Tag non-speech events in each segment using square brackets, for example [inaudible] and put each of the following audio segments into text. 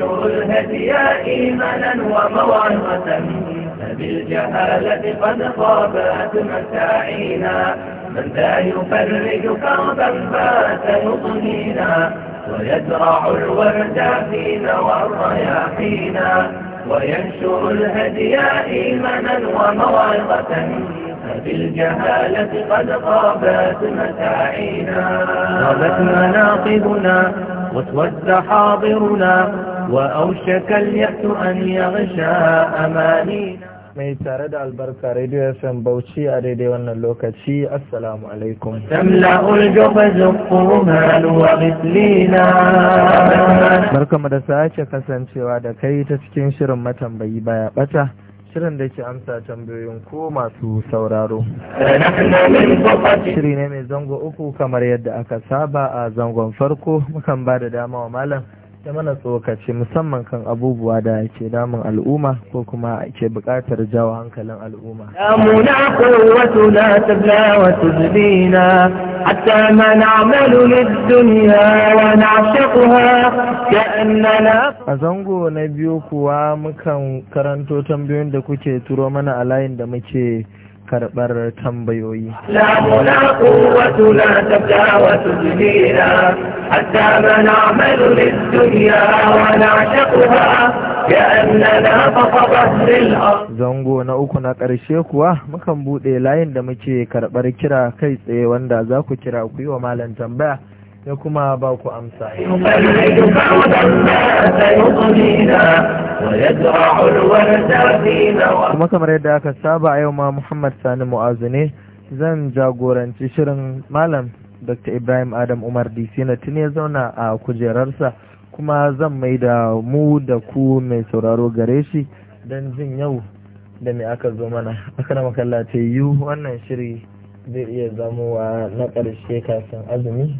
ننشر الهدي إيمانا وموعظة فبالجهالة قد خابت مساعينا من ذا يفرج كربا بات يطهينا ويزرع الورد فينا والرياحينا وينشر الهدي إيمانا وموعظة فبالجهالة قد غابت مساعينا غابت مناقبنا واسود حاضرنا وأوشك اليأس أن يغشى أمانينا mai tare da albarka radio fm bauchi a daidai wannan lokaci assalamu alaikum barkamu da ake kasancewa da kai ta cikin shirin matambayi baya bata shirin da ke amsa tambayoyin ko masu sauraro shiri ne mai zango uku kamar yadda aka saba a zangon farko mukan ba da dama wa malam da mana tsokaci musamman kan abubuwa da ke damun al'umma ko kuma ke bukatar jawo hankalin al'umma. Damuna wasu na tabla wasu zubina, hatta ma na'malu lid duniya wa na'shaquha annana. A zango na biyu kuwa mukan karanto tambayoyin da kuke turo mana a layin da muke karɓar tambayoyi. Lamuna muna kowatu na tafiya wasu jimina, hatta mana malurin duniya Wana wa na shakuwa ya annana Zango na uku na ƙarshe kuwa mukan buɗe layin da muke karɓar kira kai tsaye wanda za ku kira ku yi wa malam tambaya. ya kuma ba ku amsa. kuma kamar yadda aka saba yau ma Muhammad Sani Mu'azu ne zan jagoranci shirin malam Dr. Ibrahim Adam Umar DC na tuni ya zauna a kujerarsa kuma zan mai da mu da ku mai sauraro gare shi don jin yau da mai aka zo mana aka na makalla ta yiwu wannan shiri zai iya zamowa na ƙarshe kafin azumi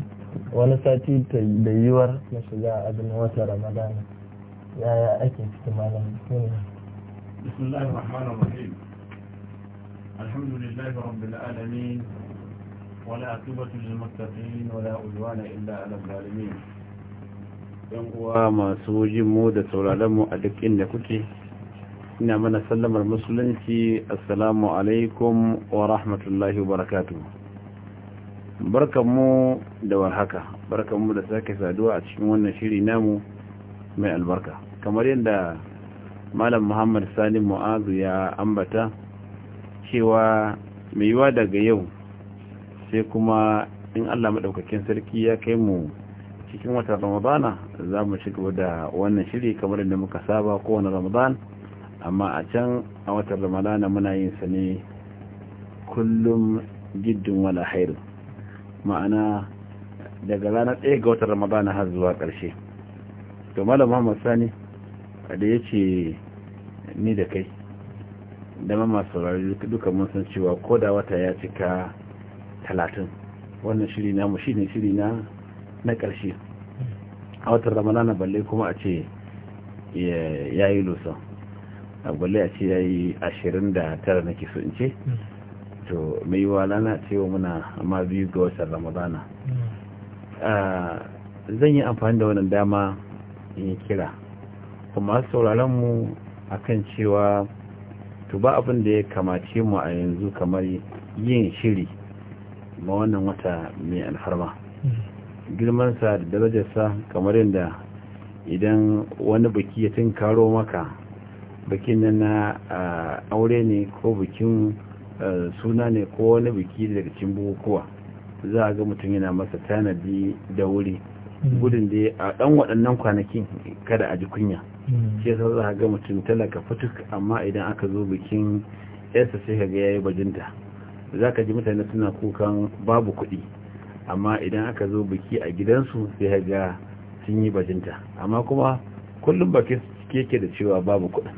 wani sati da yiwuwar na shiga azumin watan ramadana yaya ake cikin malam بسم الله الرحمن الرحيم الحمد لله ولا عقبة للمتقين ولا عدوان إلا على الظالمين yankuwa masu jinmu da mu a duk inda kuke ina mana sallamar musulunci assalamu alaikum wa rahmatullahi wa barakatuhu barkanmu da warhaka barkanmu da sake saduwa a cikin wannan shiri namu mai albarka kamar yadda malam muhammad sani mu'azu ya ambata cewa mai yiwa daga yau sai kuma in allah maɗaukakin sarki ya kai mu cikin watan ramadana za mu shigo da wannan shiri kamar yadda muka saba kowane ramadan amma a can a watan ramadana muna yin sa ne kullum giddin wala hairu ma'ana daga ranar ɗaya ga watan ramadana har zuwa ƙarshe to malam muhammad sani da ya ce ni da kai dama masu saurari duka mun san cewa ko da wata ya cika talatin wannan shiri na mu shi ne shiri na na ƙarshe a watan ramadana balle kuma a ce ya yi lusa a balle a ce ya yi ashirin da tara na so in ce to mai wa lana cewa muna amma biyu ga watan ramadana mm. ah, zan yi amfani da wannan dama in yi kira kuma sauraron mu kan cewa to ba abin da ya kamace mu a yanzu kamar yin shiri ma wannan wata mai alfarma mm-hmm. girmansa da darajarsa kamar yadda idan wani biki ya karo maka bikin nan na aure ne ko bikin suna ne ko wani biki daga cikin bukukuwa za a ga mutum yana masa tanadi da wuri mm-hmm. gudun da a ɗan waɗannan kwanakin kada a ji kunya ke sa za ga mutum talaka fituk amma idan aka zo bikin yasa sai ka ga yayi bajinta za ka ji mutane suna kukan babu kuɗi amma idan aka zo biki a gidansu sai ka ga sun yi bajinta amma kuma kullum ba ke ke da cewa babu kuɗin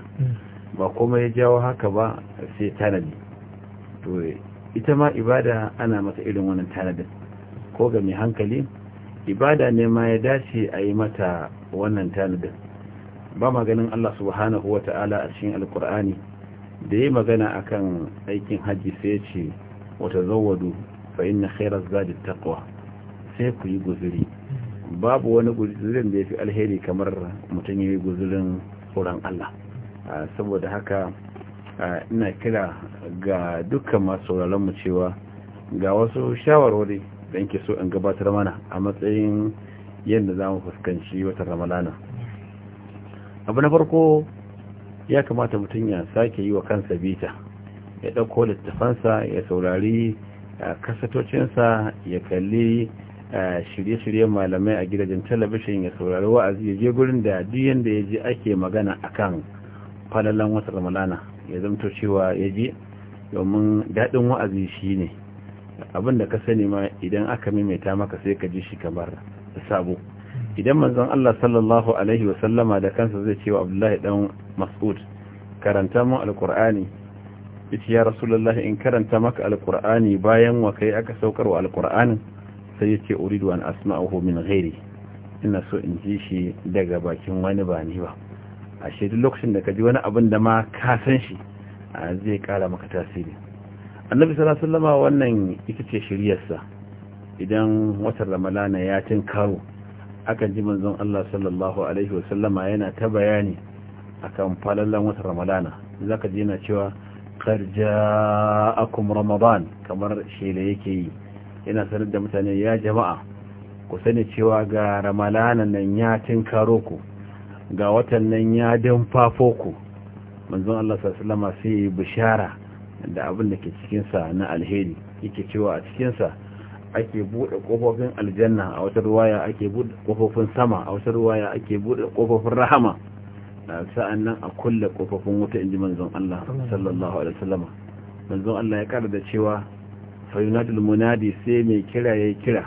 ba kuma ya jawo haka ba sai tanadi to ita ma ibada ana mata irin wannan tanadin ko ga mai hankali ibada ne ma ya dace a yi mata wannan tanadin ba maganin Allah subhanahu wa ta'ala a cikin alkur'ani da ya magana akan aikin hajji sai ce wata zawadu fa inna khairaz zadi taqwa sai ku yi guzuri babu wani guzurin da fi alheri kamar mutum yayi guzurin tsoron Allah saboda haka ina kira ga dukkan masu mu cewa ga wasu shawarwari da ke so in gabatar mana a matsayin yadda za mu fuskanci watan ramadana abu na farko ya kamata mutum ya sake yi wa kansa bita ya ɗauko littafansa ya saurari kasatocinsa ya kalli shirye-shiryen malamai a gidajen talabishin ya saurari wa'azi ya je gurin da duk yadda ya je ake magana a kan falalan wata ramalana ya zamto cewa ya ji domin daɗin wa'azi shi ne abin da ka sani ma idan aka maimaita maka sai ka ji shi kamar sabo idan manzon Allah sallallahu alaihi wa sallama da kansa zai ce wa Abdullahi dan Mas'ud karanta mu alqur'ani yace ya rasulullahi in karanta maka alqur'ani bayan wa kai aka saukar wa alqur'anin sai yace uridu an asma'uhu min ghairi ina so in ji shi daga bakin wani ba ni ba ashe duk lokacin da ka ji wani abin da ma ka san shi zai kara maka tasiri annabi sallallahu alaihi wasallama wannan ita ce shiryarsa idan watan ramalana ya tinkaro akan ji manzon Allah sallallahu alaihi wasallama yana ta bayani akan falalan watan ramadana zaka ji yana cewa karja akum ramadan kamar shela yake yi yana sanar da mutane ya jama'a ku sani cewa ga Ramadana nan ya tinkaro ku ga watan nan ya fafo ku manzon Allah sallallahu alaihi wasallama sai bishara da abin da ke cikinsa na alheri yake cewa a cikinsa ake bude kofofin aljanna a wata ruwaya ake bude kofofin sama a wata ruwaya ake bude kofofin rahama sa'an nan a kulle kofofin wuta inji manzon Allah sallallahu alaihi wasallama manzon Allah ya ƙara da cewa fayunatul munadi sai mai kira yayi kira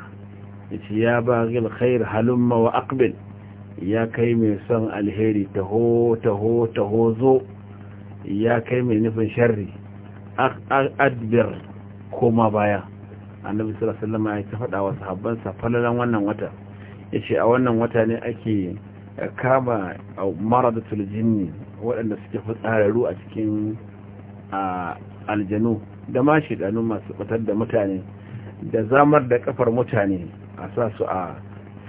ya ya ba khair halumma wa aqbil ya kai mai son alheri taho taho taho zo ya kai mai nufin sharri adbir koma baya annabi sallallahu alaihi wasallam ya ta faɗa wa sahabbansa falalan wannan wata yace a wannan wata ne ake kama maradatul jinni waɗanda suke fitsararru a cikin aljanu da ma shidanu masu batar da mutane da zamar da kafar mutane a sa su a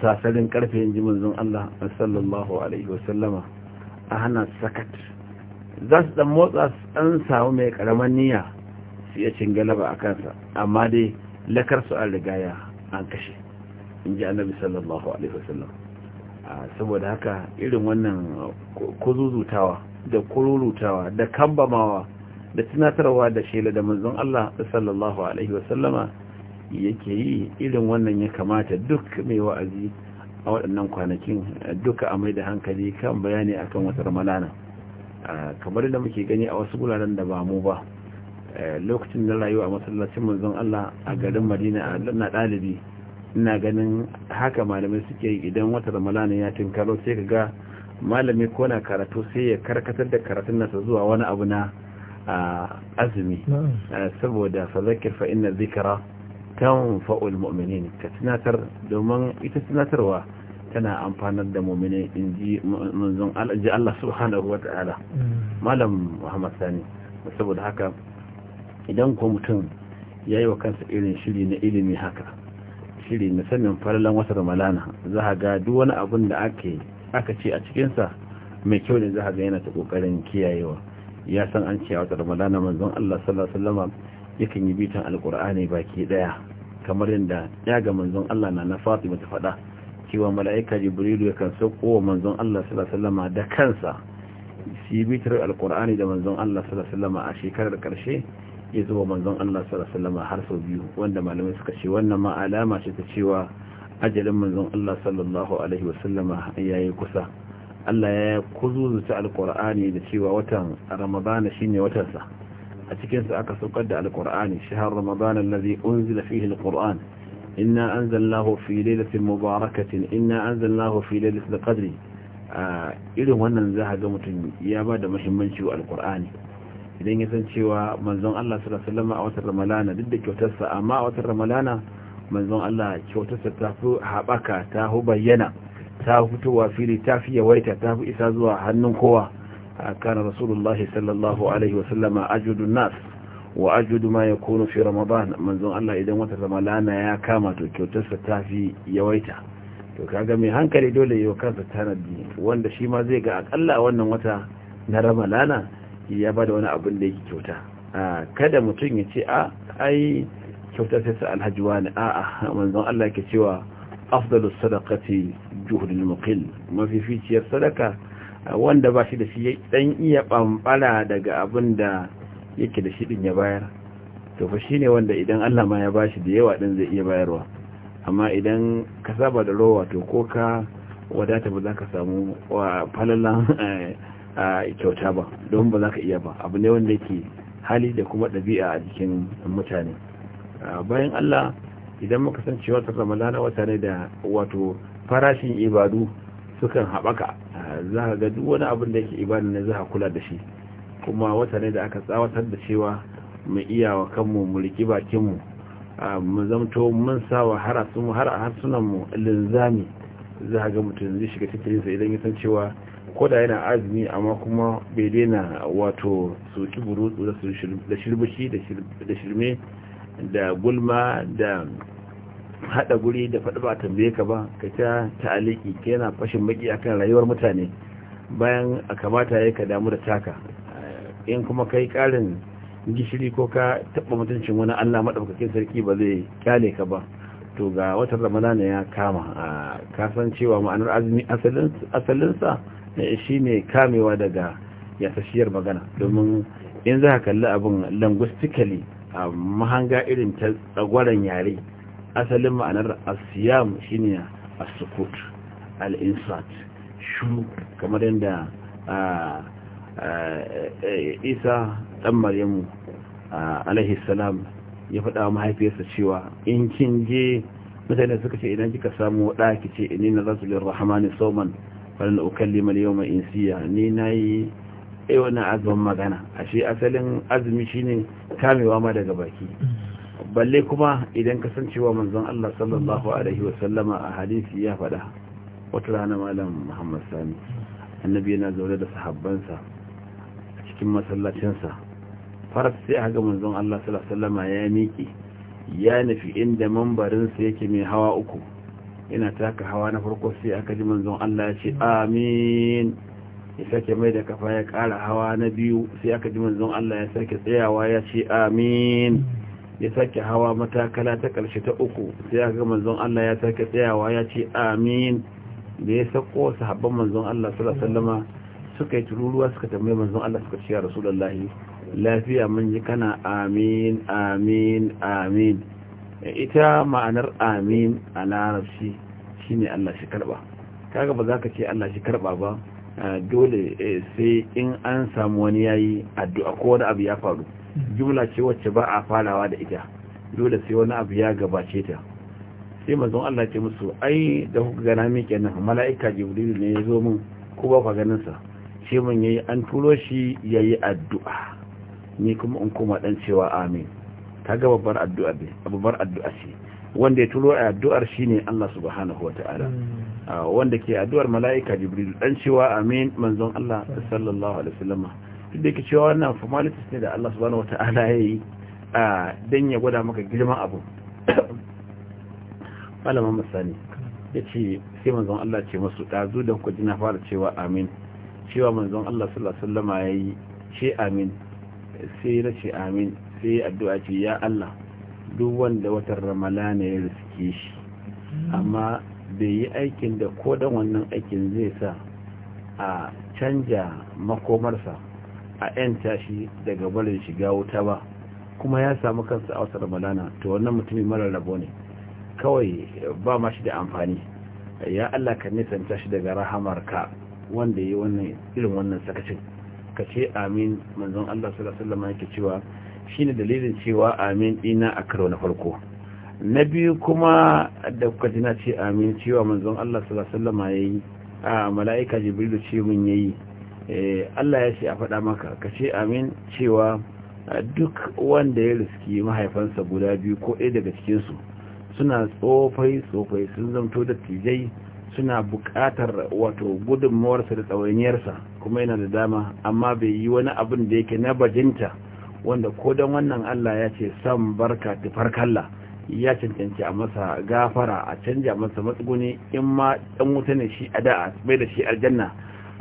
sasarin karfe yin jimin Allah sallallahu alaihi wasallama a hana sakat za su ɗan motsa an samu mai ƙaramin niyya su iya cin galaba a kansa amma dai lakar su an rigaya an kashe in ji annabi sallallahu alaihi wasallam saboda haka irin wannan kuzuzutawa da kururutawa da kambamawa da tunatarwa da shela da manzon Allah sallallahu alaihi wasallama yake yi irin wannan ya kamata duk mai wa'azi a waɗannan kwanakin duka a mai da hankali kan bayani akan wata ramadana kamar da muke gani a wasu guraren da ba mu ba Eh, lokacin da rayuwa a masallacin manzon Allah a garin Madina na dalibi ina ganin haka malamai suke yi idan wata ramalana ya tinkaro sai ka ga malami ko na karatu sai ya karkatar da karatun nasa zuwa wani abu na azumi eh, saboda zakir fa inna zikara kan fa'ul mu'minin ka tunatar domin ita tunatarwa tana amfanar da mu'mini in ji manzon Allah subhanahu wa mm. malam Muhammad Sani saboda haka idan ko mutum ya yi wa kansa irin shiri na ilimi haka shiri na sanin falalan wata ramalana za a ga duk wani abin da aka ce a cikinsa mai kyau ne za a ga yana ta kokarin kiyayewa ya san an ce a wata ramalana manzon Allah sallallahu alaihi wasallam yakan yi bitan alkur'ani baki daya kamar yadda ya ga manzon Allah na na Fatima ta faɗa cewa mala'ika Jibrilu kan sauko wa manzon Allah sallallahu alaihi da kansa yi bitar alkur'ani da manzon Allah sallallahu alaihi a shekarar karshe ya zuba manzon Allah sallallahu har sau biyu wanda malamai suka ce wannan ma alama ce ta cewa ajalin manzon Allah sallallahu alaihi wasallama yayi kusa Allah ya kuzuzuta alqur'ani da cewa watan ramadana shine watan sa a cikin sa aka saukar da alqur'ani shahar ramadana allazi unzila fihi alqur'an inna anzalnahu fi lailatin mubarakatin inna anzalnahu fi lailatul qadri irin wannan za ga mutum ya ba da muhimmanci wa alqur'ani idan ya san cewa manzon Allah sallallahu alaihi wasallam a watan Ramalana duk da kyautarsa amma a watan Ramalana manzon Allah kyautarsa ta fi haɓaka ta hu bayyana ta fitowa fili ta fi yawaita ta fi isa zuwa hannun kowa kana rasulullahi sallallahu alaihi wasallama ajudun nas wa ajudu ma yakunu fi ramadan manzon Allah idan watan ramalana ya kama to kyautarsa ta fi yawaita to kaga mai hankali dole yau kansa tanadi wanda shi ma zai ga akalla wannan wata na ramalana ya ba da wani abin da yake kyauta kada mutum ya ce a ai kyauta sai sa alhaji wani a'a manzon Allah ke cewa afdalus sadaqati juhdul muqil mafificiyar sadaka wanda ba shi da shi dan iya bambara daga abin da yake da shi din ya bayar to fa shine wanda idan Allah ma ya bashi da yawa din zai iya bayarwa amma idan ka saba da rowa to ko ka wadata ba za ka samu falalan [laughs] eh, a kyauta ba don ba za ka iya ba abu ne wanda ke hali da kuma ɗabi'a a jikin mutane bayan Allah idan muka san cewa ta ramadana wata ne da wato farashin ibadu sukan haɓaka za ka ga duk wani abin da yake ibadu ne za ka kula da shi kuma wata ne da aka tsawatar da cewa mu iya wa kanmu mu riki bakinmu mu zamto mun sa wa har harsunanmu linzami za ka ga mutum zai shiga titirinsa idan ya san cewa ko yana azumi amma kuma bai daina wato soki burutsu da shirbishi da shirme da gulma da hada guri da faɗi ba tambaye ka ba ka ta ta'aliki ka yana fashin baki akan rayuwar mutane bayan a kamata ya ka damu da taka in kuma kai ƙarin gishiri ko ka taɓa mutuncin wani allah maɗaukakin sarki ba zai kyale ka ba to ga watan ramadana ya kama a kasancewa ma'anar asalin asalinsa Eh, shi ne kamewa daga yasashiyar magana domin in za ka kalli abin linguistically a mahanga irin ta tsagwaron yare asalin ma'anar asiyam shine a sukut al-insat shuru kamar yadda isa dan maryamu alaihi salam ya faɗa wa mahaifiyarsa cewa in kin je mutane suka ce idan kika samu ɗa ki ce inina na rasulun rahmanin sauman falin ukallima al-yawma insiya ni nayi eh wannan azumin magana ashe asalin azumi shine kamewa ma daga baki balle kuma idan kasancewa manzon Allah sallallahu alaihi wa sallama a hadisi ya faɗa wata rana malam Muhammad sami annabi yana zaune da sahabbansa a cikin masallacinsa farat sai aka manzon Allah sallallahu alaihi wa sallama ya miƙe ya nufi inda mambarinsa yake mai hawa uku yana taka hawa na farko sai aka ji manzon Allah ya ce amin ya sake mai da kafa ya kara hawa na biyu sai aka ji manzon Allah ya sake tsayawa ya ce amin ya sake hawa matakala ta karshe ta uku sai aka manzon Allah ya sake tsayawa ya ce amin da ya sako sahabban manzon Allah sallallahu alaihi wasallam suka yi tururuwa suka tambaye manzon Allah suka ce ya rasulullahi lafiya mun ji kana amin amin amin ita ma'anar amin a larabci ne Allah shi karba kaga ba za ka ce Allah shi karba ba dole eh, sai in an samu wani yayi addu'a ko wani abu ya faru jumla ce wacce ba a farawa da ita dole sai wani abu ya gabace ta sai mazan Allah ce musu ai da kuka gana min kenan mala'ika jibril ne ya zo min ko ba ka ganin sa shi mun yayi an turo shi yayi addu'a ni kuma in koma dan cewa amin ta ga babbar addu'a ne babbar addu'a ce wanda ya turo addu'ar shine Allah subhanahu wataala hmm. ah, wanda ke addu'ar mala'ika jibril dan cewa amin manzon Allah sallallahu alaihi wasallam duk da ke cewa wannan formalities ne da Allah subhanahu wataala yayi ah, dan ya gwada maka girman abu [coughs] malaman masani yace sai manzon Allah ce masu zu da ku jina fara cewa amin cewa manzon Allah sallallahu alaihi ya yayi ce amin sai na ce amin sai addu'a ce ya Allah duk wanda watan ramalana ya riske shi amma bai yi aikin da ko dan wannan aikin zai sa a canja makomarsa a 'yanta shi daga barin shiga wuta ba kuma ya samu kansa a wata ramalana to wannan mutumin mara rabo ne kawai ba ma shi da amfani ya Allah ka nisanta shi daga rahamarka wanda ya wannan irin wannan sakacin ka ce amin manzon Allah sallallahu alaihi wasallam yake cewa shine dalilin cewa amin dina a karo na farko na biyu kuma da kuka ji na ce amin cewa manzon Allah sallallahu alaihi wasallam yayi a mala'ika jibrilu ce mun yayi eh, Allah ya ce a faɗa maka ka ce amin cewa duk wanda ya riski mahaifansa guda biyu ko ɗaya daga cikinsu suna tsofai tsofai sun zamto da tijai suna buƙatar wato gudunmawarsa da tsawainiyarsa kuma yana da dama amma bai yi wani abin da yake na bajinta wanda ko don wannan Allah ya ce san barka ta tufarkalla ya cancanci a masa gafara a canja masa matsuguni in ma dan wuta ne shi a da'a bai da shi aljanna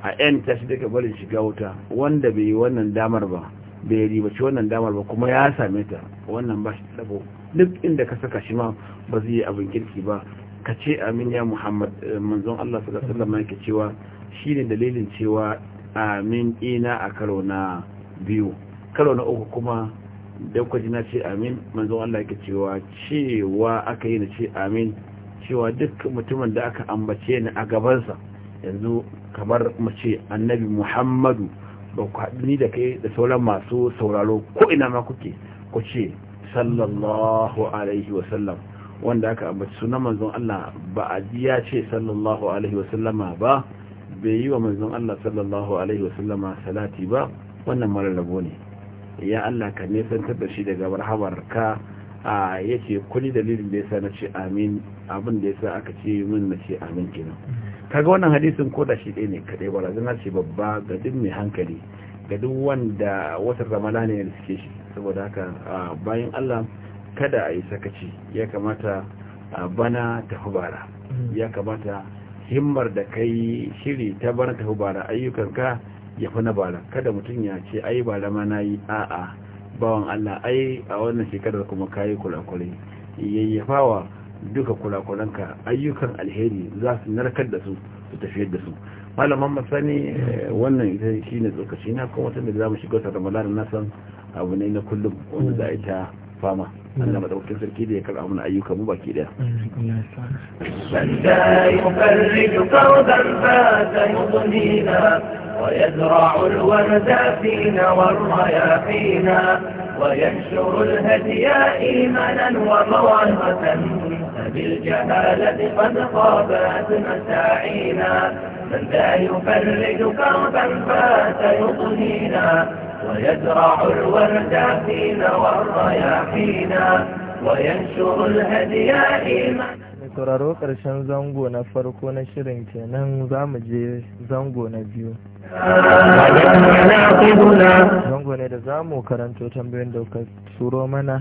a yan tashi daga barin shiga wuta wanda bai yi wannan damar ba bai yi ribaci wannan damar ba kuma ya same ta wannan ba shi tsabo duk inda ka saka shi ma ba zai yi abin kirki ba ka ce amin ya muhammad eh, manzon Allah sallallahu alaihi wasallam yake cewa shine dalilin cewa amin ina a karo na biyu karo na uku kuma da kuka ji na ce amin manzon Allah yake cewa cewa aka yi na ce amin cewa duk mutumin da aka ambace ni a gabansa yanzu kamar mu ce annabi muhammadu ba ku haɗu ni da kai da sauran masu sauraro ko ina ma kuke ku ce sallallahu alaihi wasallam wanda aka ambaci sunan manzon Allah ba a ji ya ce sallallahu alaihi sallama ba bai yi wa manzon Allah sallallahu alaihi sallama salati ba wannan mararrabo ne ya Allah ka nesantar da shi daga ka a yake kuli dalilin da ya sa na ce amin abin da ya sa aka ce min na ce amin kenan kaga wannan hadisin ko da shi ɗaya ne kaɗai barazana ce babba ga duk mai hankali ga duk wanda watan ramadana ne da suke shi saboda haka bayan allah kada a yi sakaci ya kamata bana tafi bara hmm. ya kamata himmar da kai shiri ta bana tafi bara ayyukanka ya fi na bara kada mutum ya ce ai ba na yi a'a bawan Allah ai a wannan shekarar kuma kayi yayyafa yayyafawa duka kulakulanka ayyukan alheri za su narkar da su su tafiyar da su malaman masani eh, wannan ita shi ne tsokaci na kuma wata da za mu shiga ta ramadan na san abu ne na kullum wanda za a ita fama Allah madaukakin sarki da ya karɓa mana ayyuka mu baki daya ويزرع الورد فينا والرياحينا وينشر الهدي إيمانا وموعظة بالجهالة قد خابت مساعينا من لا يفرج كربا فات يضنينا ويزرع الورد فينا والرياحينا وينشر الهدي sauraro ƙarshen zango na farko na shirin kenan za mu je zango na biyu zango ne da za mu karanto tambayoyin da ka turo mana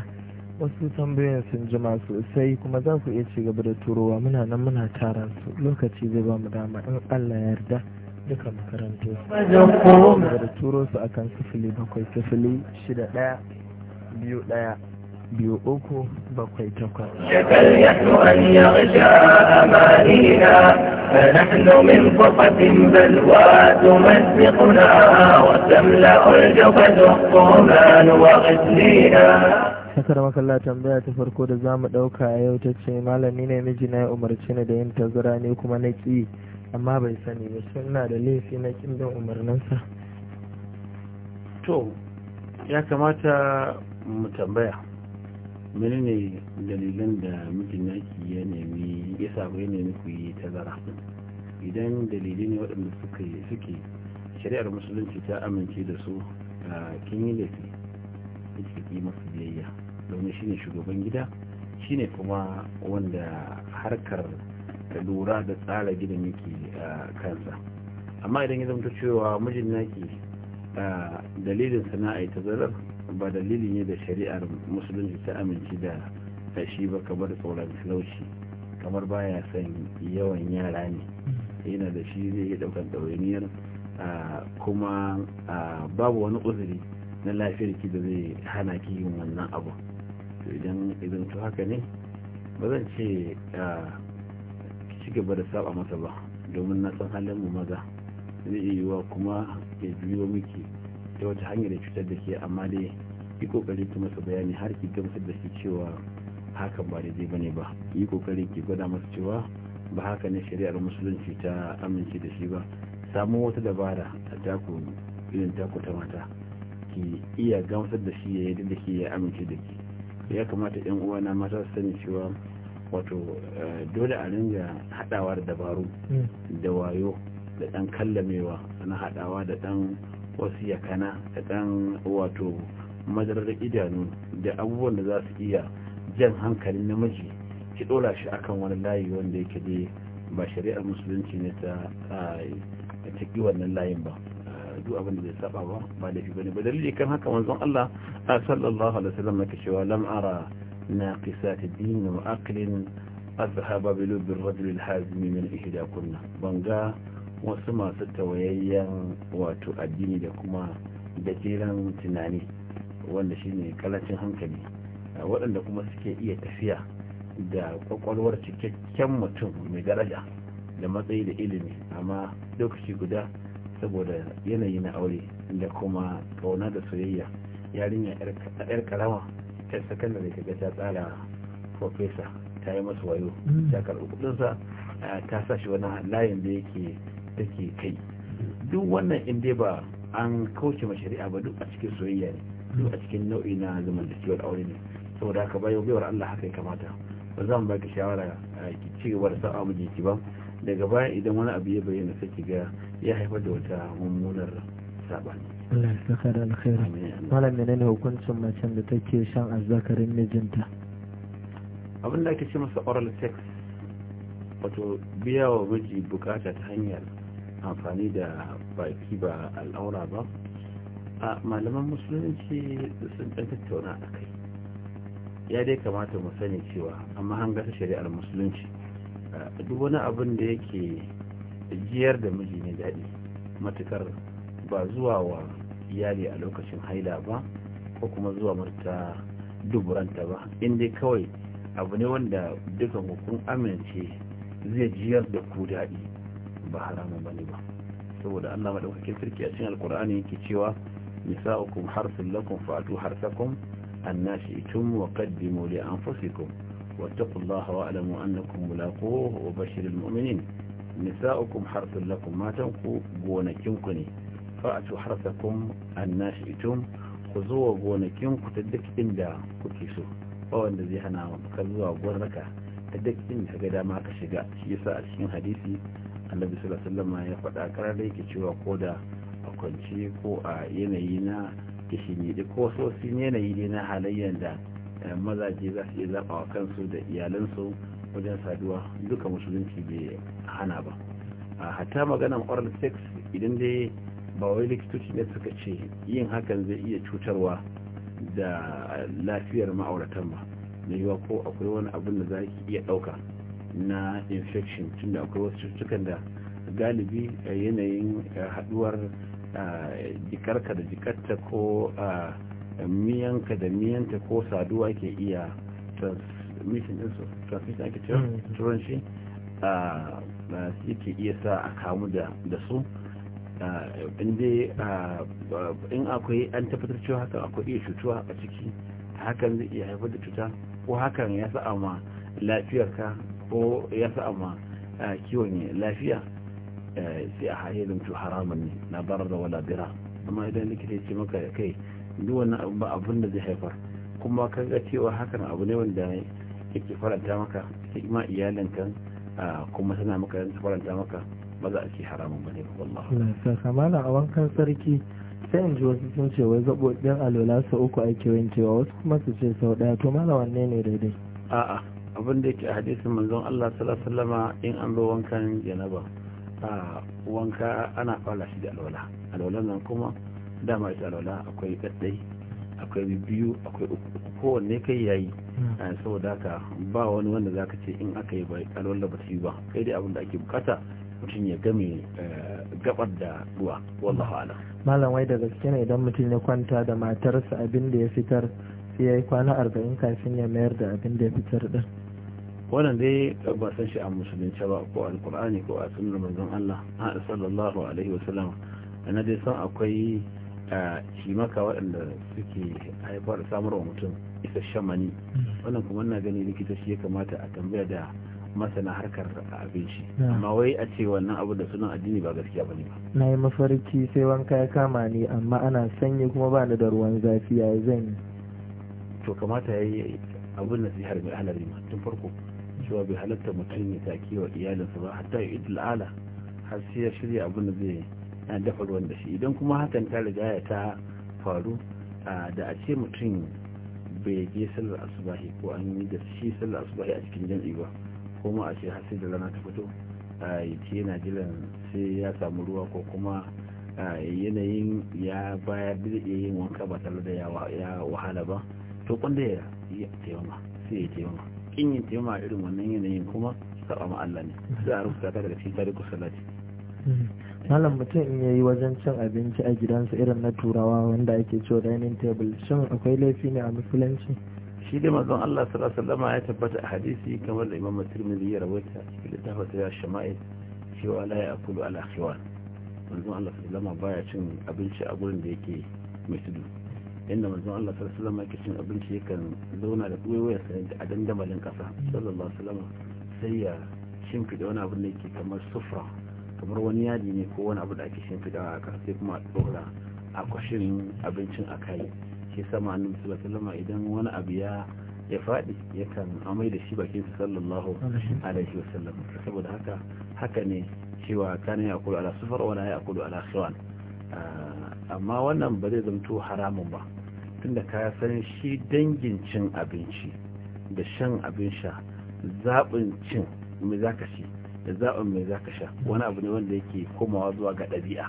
wasu tambayoyin sun jima sosai kuma za ku iya cigaba da turowa muna nan muna su lokaci zai ba mu dama in allah yarda duka makarantu da turo su akan sifili bakwai sifili shida daya biyu ɗaya biyu uku bakwai takwas. Shakal ya an ya gasha amanina, fa nahnu min fafatin balwa tumassikuna wa tamla'u al-jawfa duhquman wa ghaslina. Sakar makalla tambaya ta farko da za mu ɗauka a yau ta ce malami ne miji na ya umarci ni da yin tazara ne kuma na ƙi amma bai sani ba na da laifi na kin bin umarninsa to ya kamata mu tambaya menene dalilan da mijin ki ya nemi ya samu ya nemi ku yi tazara idan dalilai ne waɗanda suke suke shari'ar musulunci ta amince da su kin yi laifi ki masu biyayya domin shine shugaban gida shine kuma wanda harkar lura da tsara gidan yake a kansa amma idan ya zama cewa mijin naki dalilin sana'a ta zarar ba dalilin ne da shari'ar musulunci ta aminci da shi ba kamar tsoron talauci kamar baya son yawan yara ne yana da shi zai yi daukan ɗawainiyar kuma babu wani uzuri na lafiyar ki da zai hana ki yin wannan abu idan idan to haka ne ba zan ce suke ba da saba masa ba domin na san halin mu maza zai iya kuma ya juyo miki ta wata hanyar da cutar da ke amma dai yi kokari ki masa bayani har ki gamsar da shi cewa hakan ba daidai bane ba yi kokari ki gwada masa cewa ba haka ne shari'ar musulunci ta amince da shi ba samu wata dabara a taku irin taku ta mata ki iya gamsar da shi ya yi da ke ya amince da ke ya kamata yan uwana mata su sani cewa wato eh, dole a ringa hadawa da dabaru hmm. da wayo da dan kallamewa na hadawa da ɗan wasu yakana da dan wato madarar idanu da abubuwan da za su iya jan hankalin namiji ki ɗora shi akan wani layi wanda yake da ba shari'ar musulunci ne ta ta wannan layin ba eh, duk abin da zai saba ba ba laifi bane ba dalili kan haka manzon Allah sallallahu alaihi wasallam yake cewa lam ara na ناقصات دين وعقل أذهب بلب الرجل الحازم kunna. ban ga wasu masu tawayayyan wato addini da kuma gajeren tunani wanda shine kalacin hankali waɗanda kuma suke iya tafiya da kwakwalwar cikakken mutum mai daraja da matsayi da ilimi amma lokaci guda saboda yanayin na aure da kuma ƙauna da soyayya yarinya 'yar ƙalama. ta sakandare ka ga ta tsara professor ta yi masa wayo mm. ta karɓi ta sa shi wani layin da yake take kai duk wannan in dai ba an kauce ma shari'a ba duk a cikin soyayya ne duk a cikin nau'i na zamantakewar aure ne saboda haka bayan baiwar Allah haka ya kamata ba za mu baki shawara ki ci gaba da sa'a mijinki ba daga baya idan wani abu ya bayyana sai ki ga ya haifar da wata mummunar sabani Allah ya saka da alkhairi malam menene hukuncin macen da take shan azzakarin mijinta abin da ake ce masa oral sex wato biya wa miji bukata ta hanyar amfani da baki ba al'aura ba a malaman musulunci sun ɗan tattauna a kai ya dai kamata mu sani cewa amma hanga ta shari'ar musulunci duk wani abin da yake jiyar da miji ne daɗi matukar ba zuwa wa iyali a lokacin haila ba ko kuma zuwa marta duburanta ba inda kawai abu ne wanda dukan kun amince zai jiyar da ku daɗi ba haramun ba ne ba saboda allah maɗaukakin sarki a cikin alkur'ani yake cewa nisa'ukum harsun lakum fatu harsakum annashi'tum wa qaddimu li anfusikum واتقوا الله واعلموا أنكم bashirin وبشر nisa نساؤكم harsun لكم matanku gonakinku ne. fa'atu harsakum anna shi'tum ku zuwa gonakin ku ta duk inda kuke so ba wanda zai hana ka zuwa gonarka ta duk inda ga dama ka shiga shi yasa a cikin hadisi annabi sallallahu alaihi wasallam ya faɗa karar da yake cewa ko da a kwance ko a yanayi na kishin ko wasu yanayi ne na halayyar da mazaje za su iya zaɓa wa kansu da iyalansu wajen saduwa duka musulunci bai hana ba a hatta maganan oral sex idan dai ba wai likitoci ne suka ce yin hakan zai iya cutarwa da lafiyar ma'auratan ba na yiwa ko akwai wani abin da za ki iya ɗauka na infection tunda akwai wasu cututtukan da galibi eh, yanayin eh, haduwar eh, jikarka da jikarta ko miyanka da miyanta ko saduwa ke iya transmission ɗinsu transmission ake mm. turanci ah, yake iya sa a kamu da su in akwai an tabbatar cewa hakan akwai iya cutuwa a ciki hakan zai iya haifar da cuta ko hakan ya sa ma ka ko ya sa ma kiwon lafiya sai a hayyadin cu haramun ne na barar da wala bira amma idan likita ya ce maka kai duk wani ba abin da zai haifar kuma kan ga cewa hakan abu ne wanda yake faranta maka sai iyalinka kuma tana maka faranta maka ba za a ce haramun bane ba wallahi sai kamala a wankan sarki sai in ji wasu sun ce wai a alola sau uku ake wankewa wasu kuma su ce sau ɗaya to mala wanne ne daidai a'a abin da yake a hadisin manzon Allah sallallahu in an zo wankan janaba a wanka ana fara shi da alwala alwala nan kuma dama ita alwala akwai ɗaɗɗai akwai biyu akwai uku kowanne kai yayi hmm. eh, saboda ka ba wani wanda zaka ce in aka yi alwala ba su yi ba kai dai abin da ake bukata mutum ya game eh, gabar da ruwa wallahu ala malam wai da gaske ne idan mutum ya kwanta da matarsa abin da ya fitar sai yayi kwana arba'in kafin ya mayar da abin da ya fitar din wannan dai ba san shi a musulunci ba ko alkur'ani ko a sunnar manzon Allah a sallallahu alaihi wasallam ana dai san akwai eh, shimaka waɗanda suke haifar samarwa mutum isasshen mani mm. wannan kuma na gani likita shi ya kamata a tambaya da masana harkar abinci amma wai a ce wannan abu da sunan addini ba gaskiya ba ne ba na yi mafarki sai wanka ya kama ne amma ana sanyi kuma ba da ruwan zafi ya zan to kamata ya yi abin nasihar mai halari ma tun farko cewa bai halatta mutum ya take wa iyalinsa ba hatta ya idul ala har sai ya shirya abin da zai na dafa ruwan da shi idan kuma hakan ta riga ya ta faru da a ce mutum bai je sallar asubahi ko an yi da shi sallar asubahi a cikin jam'i ba koma a ce har da rana ta fito ya ce yana jiran sai ya samu ruwa ko kuma yanayin ya baya zai yin wanka ba tare da ya wahala ba to kwanda ya yi taimama sai ya taimama kin yin taimama irin wannan yanayin kuma saba ma Allah ne sai a rufuta ta daga cikin tariku salati mm-hmm. malam mutum in yayi wajen cin abinci a gidansa irin na turawa wanda ake cewa dining table shin akwai laifi ne a musulunci shi dai manzon Allah sallallahu alaihi ya tabbata a hadisi kamar da Imam Tirmidhi ya rawaita cikin littafin sa Shama'il cewa la ya'kulu ala khiwan manzon Allah sallallahu alaihi baya cin abinci a gurin da yake mai tudu inda manzon Allah sallallahu alaihi wasallam yake cin abinci yakan zauna da tsuwaiwayar sa a dandamalin ƙasa sallallahu alaihi sai ya shimfida wani abu da yake kamar sufra kamar wani yadi ne ko wani abu da ake shimfida a kasa sai kuma a ɗora a kwashin abincin a kai ke sama annabi sallallahu alaihi idan wani abu ya ya faɗi yakan amai da shi bakin sallallahu alaihi wasallam saboda haka haka ne cewa kana ya kula ala sufar wala ya kula ala khiwan ah, amma wannan ba zai zanto haramun ba tunda ka san shi dangin cin abinci da shan abin sha zaɓin cin mai zaka ci da zaɓin mai zaka sha wani abu ne wanda yake komawa zuwa ga ɗabi'a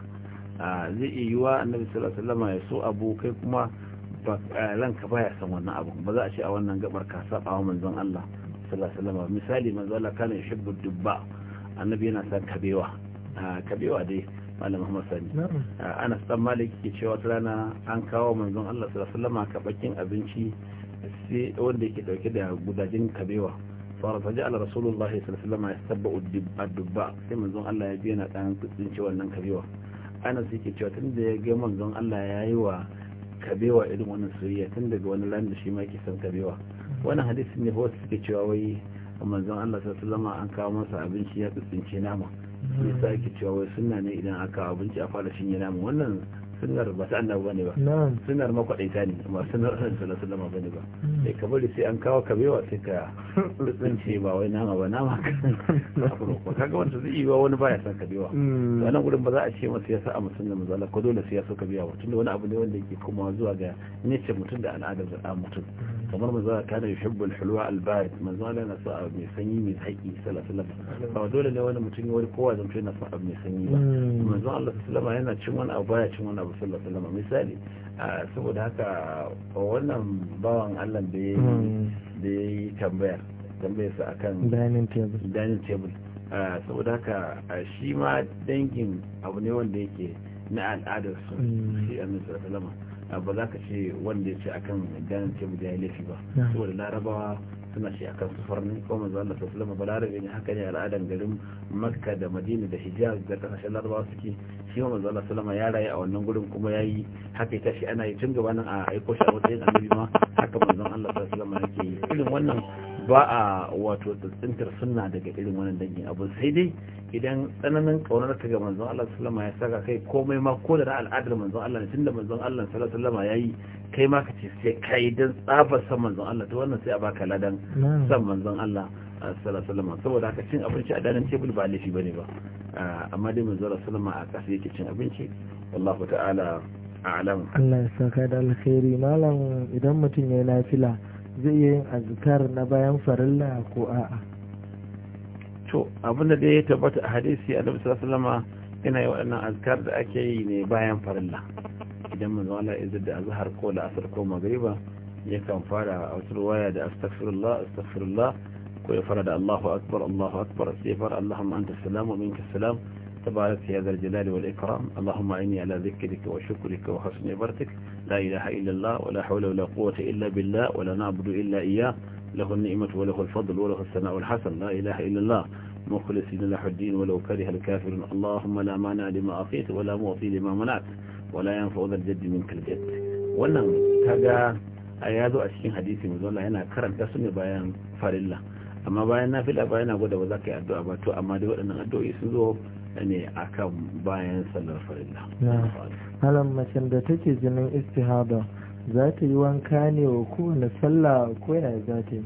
ah, zai iya yiwa annabi sallallahu alaihi wasallam ya so abu kai kuma ba ranka baya san wannan abu ba za a ce a wannan gabar ka saba wa manzon Allah sallallahu alaihi wasallam misali manzon Allah kana yuhibbu dubba annabi yana san kabewa kabewa dai malam Muhammad Sani ana san Malik ke cewa rana an kawo manzon Allah sallallahu alaihi wasallam kabakin abinci sai wanda yake dauke da gudajin kabewa fara faja ala rasulullah sallallahu alaihi wasallam yasabbu dubba dubba sai manzon Allah ya biya na dan kudin tsince wannan kabewa Anas yake cewa tunda ya ga manzon Allah yayi wa kabewa irin wannan soyayya tun daga wani lamin da shi ma yake son kabewa wannan hadisin ne wasu suke cewa wai manzon Allah sallallahu alaihi an kawo masa abinci ya tsince nama sai yasa yake cewa wai sunna ne idan aka abinci a fara shinye nama wannan sunar ba ta annabu bane ba sunar makwaɗaita ne amma sunar annabi sallallahu alaihi bane ba hmm. sai ka bari sai an kawo kabewa sai ka tsince ba wai nama ba nama ka kaga wanda zai yi wa wani baya san kabewa hmm. to nan gurin ba za a ce masa ya sa a musulmi mazala ko dole sai ya so kabewa ba tunda wani abu ne wanda yake kuma zuwa ga nice mutum da al'adar da mutum hmm. kamar ta kana yuhibbul hulwa al-barid na yana so abu mai sanyi mai haƙi sallallahu alaihi wasallam ba dole ne wani mutum ya wani kowa zan na so abu mai sanyi ba manzala Allah sallallahu yana cin wani abu baya cin wani annabi sallallahu alaihi wasallam misali ah, saboda haka wannan bawan Allah da ya hmm. da ya yi tambaya tambayar sa akan dining table dining table ah, saboda haka ah, shi ma dangin abu ne wanda yake na al'adar su hmm. shi annabi sallallahu alaihi wasallam ba za ka ce wanda ya ce kan ganin ce mu jayi laifi ba saboda larabawa suna ce a sufar ne ko kuma Allah sallallahu alaihi balarabe ne haka ne al'adar garin Makka da Madina da Hijaz da kasashen larabawa suke shi ma manzo Allah sallallahu ya rayu a wannan gurin kuma ya yi haka tashi ana yi tun gabanin a aiko shi a yin annabi ma haka manzo Allah sallallahu ya ke yi. irin wannan ba a wato tsintar sunna daga irin wannan dangin abu sai dai idan tsananin kaunar ka ga manzon Allah sallama ya saka kai komai ma ko da al'adar manzon Allah ne tunda manzon Allah sallama ya yi kai ma ka ce sai kai dan tsafa san manzon Allah to wannan sai a baka ladan san manzon Allah sallama saboda haka cin abinci a danin tebul ba laifi bane ba ah, amma dai manzon Allah sallama a kasa yake cin abinci wallahu ta'ala a'lam Allah ya saka da alkhairi malam idan mutum ya yi nafila zai iya yin azkar na bayan farilla ko a'a to abin da ya tabbata a hadisi a sallallahu alaihi yana yi waɗannan azkar da ake yi ne bayan farilla idan manzo Allah ya da azhar ko la'asar ko magriba yakan fara a wasu ruwaya da astaghfirullah astaghfirullah ko ya fara da Allahu akbar Allahu akbar sai fara Allahumma anta salam wa minka salam تبارك في هذا الجلال والإكرام اللهم إني على ذكرك وشكرك وحسن عبرتك لا إله إلا الله ولا حول ولا قوة إلا بالله ولا نعبد إلا إياه له النعمة وله الفضل وله الثناء الحسن لا إله إلا الله مخلصين له الدين ولو كره الكافر اللهم لا مانع لما أعطيت ولا معطي لما منعت ولا ينفع ذا الجد منك الجد ولن kaga a أشكين حديثي مزولا هنا كرم zo بيان فار الله amma bayan na fila bayan na gwada ba za ka yi addu'a ba to amma dai waɗannan addu'o'i sun zo ne a kan bayan sallar farilla halan macen da take jinin istihada za ta yi wanka ne wa kowane sallah ko ya za ta yi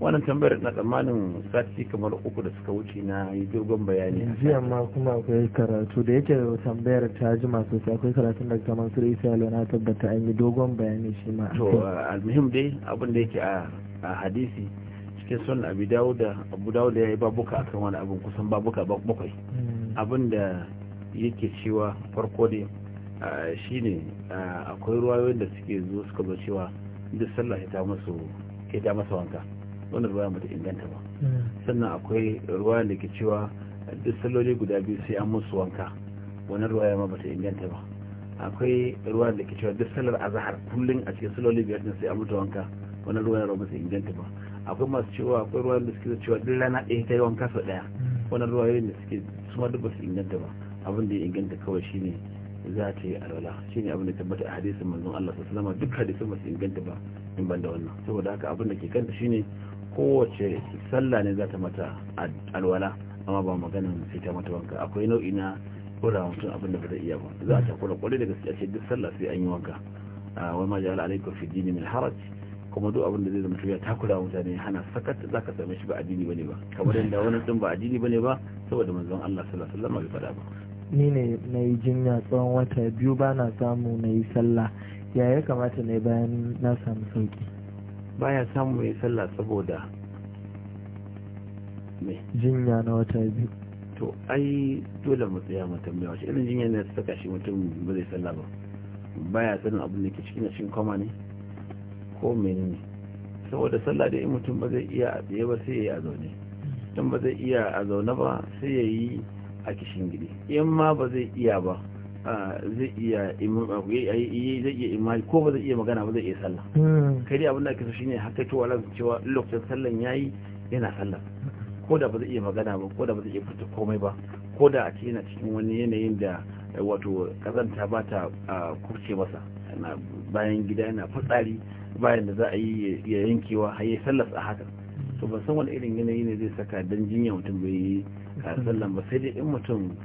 wannan tambayar na tsammanin sati kamar uku da suka wuce na yi dogon bayani jiya ma kuma akwai karatu da yake tambayar ta ji masu sai akwai karatun da kamar su isa na tabbata an yi dogon bayani shi ma to almuhim dai abin da yake a hadisi cikin sun abu dawuda abu dawuda ya yi babuka akan wani abin kusan babuka bakwai hmm. abin da yake cewa farko ne shine akwai ruwayoyin da suke zo suka zo cewa duk sallah ta musu ta masa wanka wannan ruwa mata inganta ba hmm. sannan akwai ruwa da ke cewa duk salloli guda biyu sai an musu wanka wannan ruwa ma bata inganta ba akwai ruwa da ke cewa duk sallar azahar kullum a cikin salloli biyar sai an mutu wanka wannan ruwa ya ba inganta ba akwai masu cewa akwai ruwan da suke cewa duk rana ɗaya ta wanka kasa ɗaya wani ruwa da suke su ma duk ba su inganta ba abin da ya inganta kawai shine za ta yi alwala shine abin da tabbata a hadisin manzon Allah sallallahu alaihi duk hadisin ba inganta ba in ban da wannan saboda haka abin da ke kanta shine kowace sallah ne za ta mata alwala amma ba maganin sai ta mata wanka akwai nau'i na kura mutum abin da ba zai iya ba za a ta kura kwarai da gaske a ce duk sallah sai an yi wanka wa ma ja'ala alaikum fi dini min haraj kuma duk abin da zai zama ya takura mutane hana sakat za ka same shi ba addini bane ba kamar yadda wani din ba addini bane ba saboda manzon Allah sallallahu alaihi wasallam bai faɗa ba ni ne na yi jinya tsawon wata biyu ba na samu na yi sallah ya ya kamata ne bayan na samu sauki baya samu mai sallah saboda me jinya na wata biyu to ai dole mu tsaya mu tambaya shi irin jinya ne ta saka shi mutum ba zai sallah ba baya sanin abin da ke cikin cikin kwama ne ko menene saboda sallah dai mutum ba zai iya a tsaye ba sai ya yi a zaune mutum ba zai iya a zaune ba sai ya yi a kishin gidi in ma ba zai iya ba zai iya zai iya imani ko ba zai iya magana ba zai iya sallah hmm. kai dai abin da ake so shine haka to wala cewa lokacin sallan yayi yana sallah ko da ba zai iya magana ba ko da ba zai iya fita komai ba ko da a cikin cikin wani yanayin da wato kazanta ba ta kurce masa bayan gida yana fitsari bayan da za a yi ya yankewa har yi sallas a haka to ban san wani irin yanayi ne zai saka dan jinya mutum bai yi sallan ba sai dai in mutum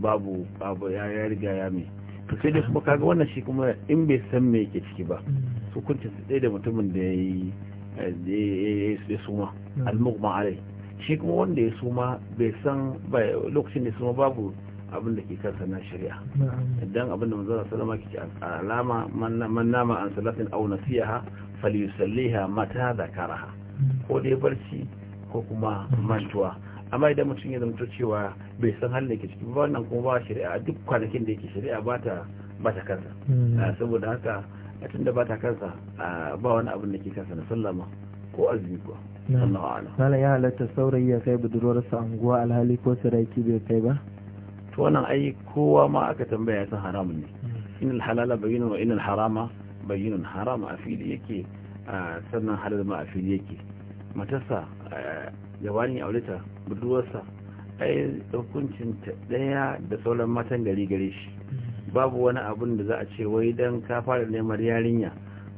babu babu ya ya riga ya mai to sai dai kuma kaga wannan shi kuma in bai san me yake ciki ba mm. hukuncin su da mutumin da ya yi eh, ya suma mm. almugma alai shi kuma wanda ya suma bai san lokacin da ya suma babu abin da ke kansa na shari'a idan abin da manzo salama ke alama man nama an salatin aw nasiha falyusalliha mata zakaraha hmm. ko dai barci ko kuma hmm. mantuwa amma idan mutum ya zama cewa bai san halin da ke ciki ba wannan kuma ba shari'a duk kwanakin da yake shari'a ba ta ba ta kansa hmm. ah, saboda haka a da ba ta kansa ah, ba wani abin da ke kansa na sallama ko azumi kuwa Allah ya halatta saurayi ya kai budurwarsa anguwa alhali ko saraki bai kai ba to wannan ai kowa ma aka tambaya san haramun ne mm. inal halala bayyinun wa inal harama bayyinun harama a fili yake sannan halal ma a fili yake matarsa gabanin aureta buduwarsa ai hukuncin ta daya da sauran matan gari gare shi mm. babu wani abun da za a ce wai dan ka fara neman yarinya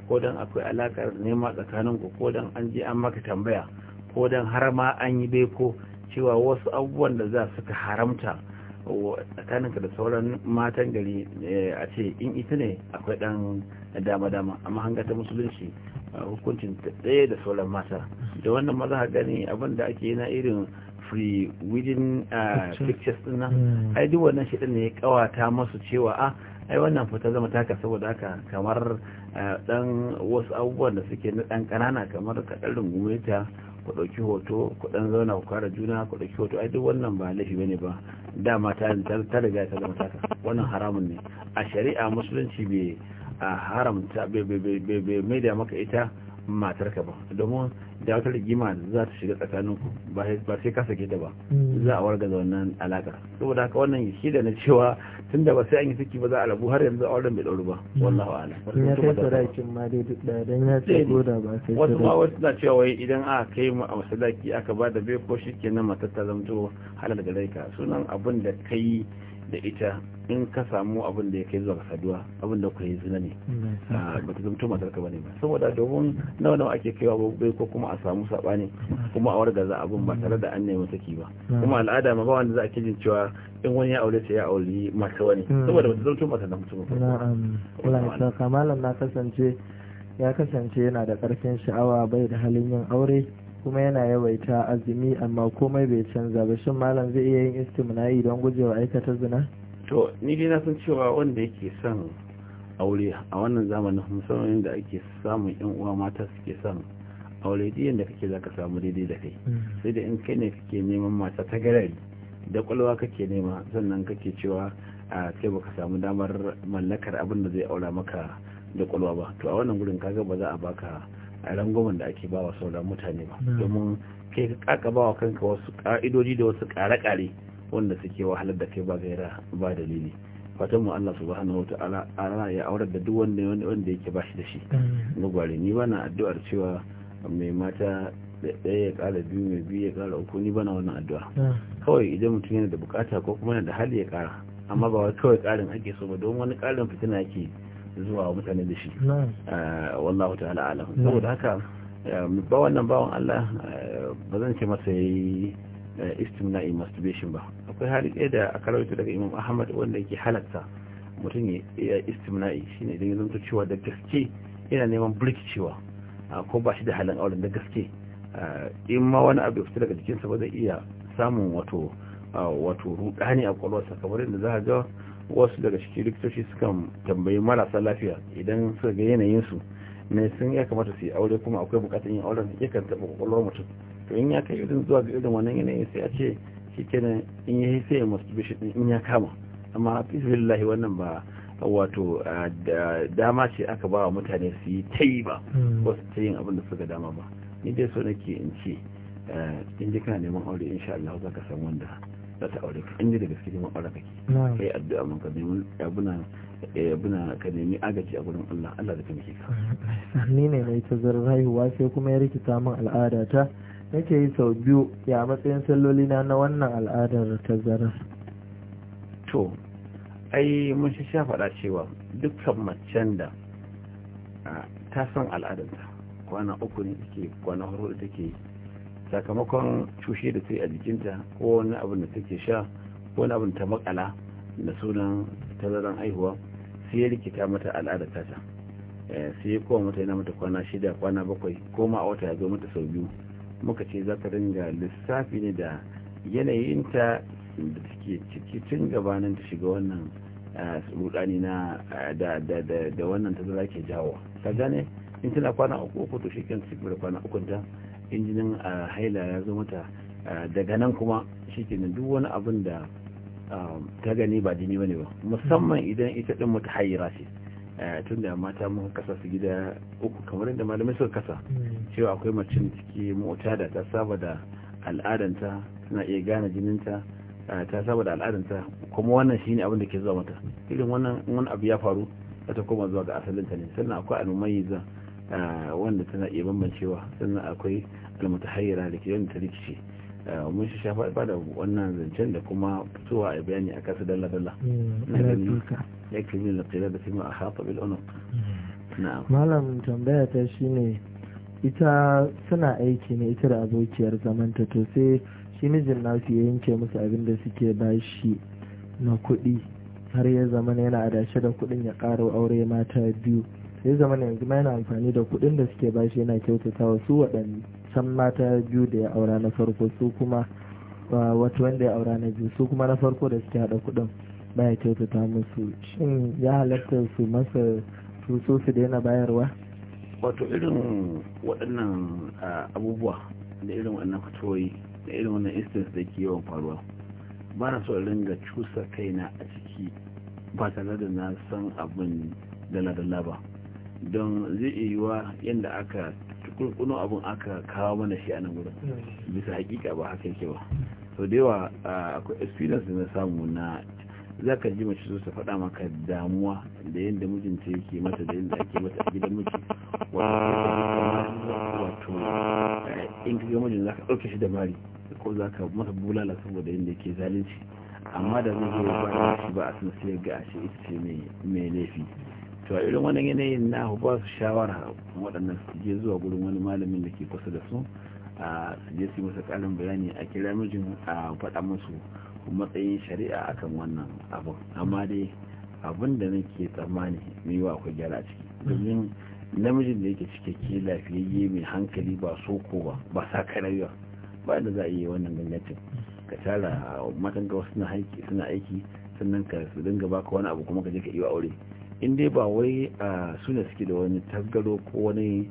ko dan akwai alakar nema tsakanin ku ko dan an je an maka tambaya ko dan har ma an yi beko cewa wasu abubuwan da za suka haramta tsakaninka da sauran matan gari eh, a ce in ita ne akwai dan dama-dama amma hanga ta musulunci hukuncin tsaye da sauran mata da wannan maza gani abin da ake na irin free within pictures din nan hmm. ai duk wannan shi ne kawata masu cewa a ah, ai wannan fita zama taka saboda haka kamar dan eh, wasu abubuwan da suke na dan kanana kamar kaɗan rungume ta ku ɗauki hoto ku ɗan zauna ku kara juna ku ɗauki hoto ai duk wannan ba laifi bane ba dama ta ta riga ta zama ta wannan haramun ne a shari'a musulunci bai haramta bai bai bai bai mai da maka ita matarka ba domin da wata rigima za ta shiga tsakaninku ba sai ka sake ta ba mm. za a wargaza wannan alaka saboda haka wannan shi da na cewa tun da ba sai an yi saki ba za a rabu har yanzu auren bai ɗauru ba mm. wallahu ala ya kai sadakin ma dai duk da ya ce goda ba sai wasu ma wasu na cewa wai idan a kai mu a sadaki aka ba da bai ko shi kenan ta zamto halal da laika sunan abin da kai da ita in ka samu abin da ya kai zuwa saduwa abin da kuka yi zina ne ba ah, ta zamto matarka ba ne ba saboda domin nawa nawa ake kaiwa babbai ko kuma a samu saɓani kuma a warga za abin ba tare da an nemi saki ba kuma al'ada ma ba wanda za a jin cewa in wani ya aure ta ya aure mata wani hmm. saboda ba ta zamto mata na mutum ba na kasance ya kasance yana da ƙarfin sha'awa bai da halin yin aure kuma yana yawaita azumi amma komai bai canza ba shin malam zai iya yin istimna'i don gujewa aikata zina to ni dai na san cewa wanda yake son aure a wannan zamanin musamman da ake samun yan uwa mata suke son aure diyan da kake zaka samu daidai da kai mm. sai da in kai ne kake neman mata ta garari da kwalwa kake nema sannan kake cewa a kai baka samu damar mallakar abin da zai aura maka da kwalwa ba to a wannan gurin kaga ba za a baka a rangwamen da ake bawa sauran mutane ba domin kai ka kaka bawa kanka wasu ka'idoji da wasu kare-kare wanda suke wahalar da kai ba gaira ba dalili fatan mu Allah subhanahu wataala ana ya aurar da duk wanda wanda yake ba shi da shi gwagware ni bana addu'ar cewa mai mata ɗaya ya ƙara biyu mai biyu ya ƙara uku ni bana wannan addu'a kawai idan mutum yana da bukata ko kuma yana da hali ya ƙara amma ba wai kawai ƙarin ake so ba don wani ƙarin fitina yake zuwa mutane da shi ah, wallahu ta'ala alam saboda haka eh, ba wannan bawan Allah eh, ba zan ce masa yayi eh, istimna'i masturbation ba akwai hali ɗaya da aka rawaito daga Imam Ahmad wanda yake halatta mutum ya istimna'i shine idan ya zanto cewa da gaske yana neman burkicewa ah, ko ba shi da halin auren da gaske ah, in ma wani abu ya fita daga jikinsa ba zai iya samun wato wato rudani a kwalwarsa kamar yadda za a ga wasu daga cikin likitoci sukan tambayi marasa lafiya idan suka ga yanayinsu ne sun ya kamata su yi aure kuma akwai bukatar yin auren kan taɓa kwakwalwar mutum to in ya kai irin zuwa ga irin wannan yanayin sai a ce shi in ya sai ya bishi din in ya kama amma bismillahi wannan ba wato dama ce aka ba wa mutane su yi ta yi ba wasu hmm. ta yin abin da suka dama ba ni dai so nake in ce eh, in ji kana neman aure insha Allah za ka san wanda za ta aure ka yi da gaske neman aure kake kai addu'a mun ka nemi abuna eh, abuna ka nemi agaji a gurin Allah Allah da kake ka [laughs] ni ne mai tazarar haihuwa sai kuma ya rikita min al'ada ta nake yi sau biyu ya matsayin salloli na na wannan al'adar tazarar to ai mun shi sha faɗa cewa dukkan macen da ta san al'adarta kwana uku ne take kwana huɗu take sakamakon cushe da sai a jikinta ko wani abin da take sha ko wani abin ta makala da sunan tazaran haihuwa sai ya rikita mata al'ada tata eh, sai ya kowa mata yana mata kwana shida kwana bakwai ko ma a wata ya zo mata sau biyu muka ce za ta dinga lissafi ne da yanayinta da take ciki tun gabanin ta shiga wannan eh, rudani na eh, da wannan tazara ke jawo ka gane in tana kwana uku uku to shi kan da kwana ukun ta injinin jinin haila ya zo mata daga nan kuma shi duk wani abin da ta gani ba jini bane ba musamman idan ita din mata hayira ce tun da mata mun kasa su gida uku kamar yadda malamai suka kasa cewa akwai macin ciki mota da ta saba da al'adanta tana iya gane jininta ta saba da al'adanta kuma wannan shine abin da ke zuwa mata irin wannan wani abu ya faru ta koma zuwa ga asalinta ne sannan akwai zan. wanda tana iya bambancewa sannan akwai almutahayyara da ke wanda ta rikici mun shi shafa ba da wannan zancen da kuma fitowa a bayani a kasa dalla dalla mm, na gani ya kimi na tsira da kuma a hafa bil onok mm. malam tambaya ta shine ita suna aiki ne ita da abokiyar zamanta to sai shi mijin nasu ya yanke musu abin da suke bashi na kuɗi har ya zama yana adashe da kuɗin ya ƙara aure mata biyu sai zama na yanzu ma yana amfani da kuɗin da suke bashi yana kyautata wa su waɗanda can mata biyu da ya aura na farko su kuma wata wanda ya aura na biyu su kuma na farko da suke haɗa kuɗin baya kyautata musu shin ya halatta su masa su so su daina bayarwa wato irin waɗannan abubuwa da irin waɗannan fatoyi da irin wannan instance da ke yawan faruwa ba na so ringa cusa kaina a ciki ba tare da na san abin dala-dala ba don zai iya yiwa yadda aka kurkuno abin aka kawo mana shi a nan gudun bisa hakika ba haka yake ba so da yawa akwai experience na samu na za ka ji mace ta faɗa maka damuwa da yadda mijinta yake mata da yadda ake mata a gidan miji wato eh, in ka za ka ɗauke shi da mari ko za ka mata bulala saboda yadda yake zalunci amma da zai yi ba shi ba a sun sai ga ashe ita ce mai laifi to a irin wannan yanayin na ba su shawara waɗannan su je zuwa gurin wani malamin da ke kusa da su a su je su yi masa ƙarin bayani a kira mijin a faɗa musu matsayin shari'a akan wannan abu amma dai abin da nake tsammani mai wa akwai gyara a ciki domin namijin da yake cikakke lafiyayye mai hankali ba ko ba ba sa karayya ba da za a yi wannan gangancin ka tara matan ga wasu suna aiki sannan ka su dinga baka wani abu kuma ka je ka wa aure in dai ba wai a suna suke da wani tasgaro ko wani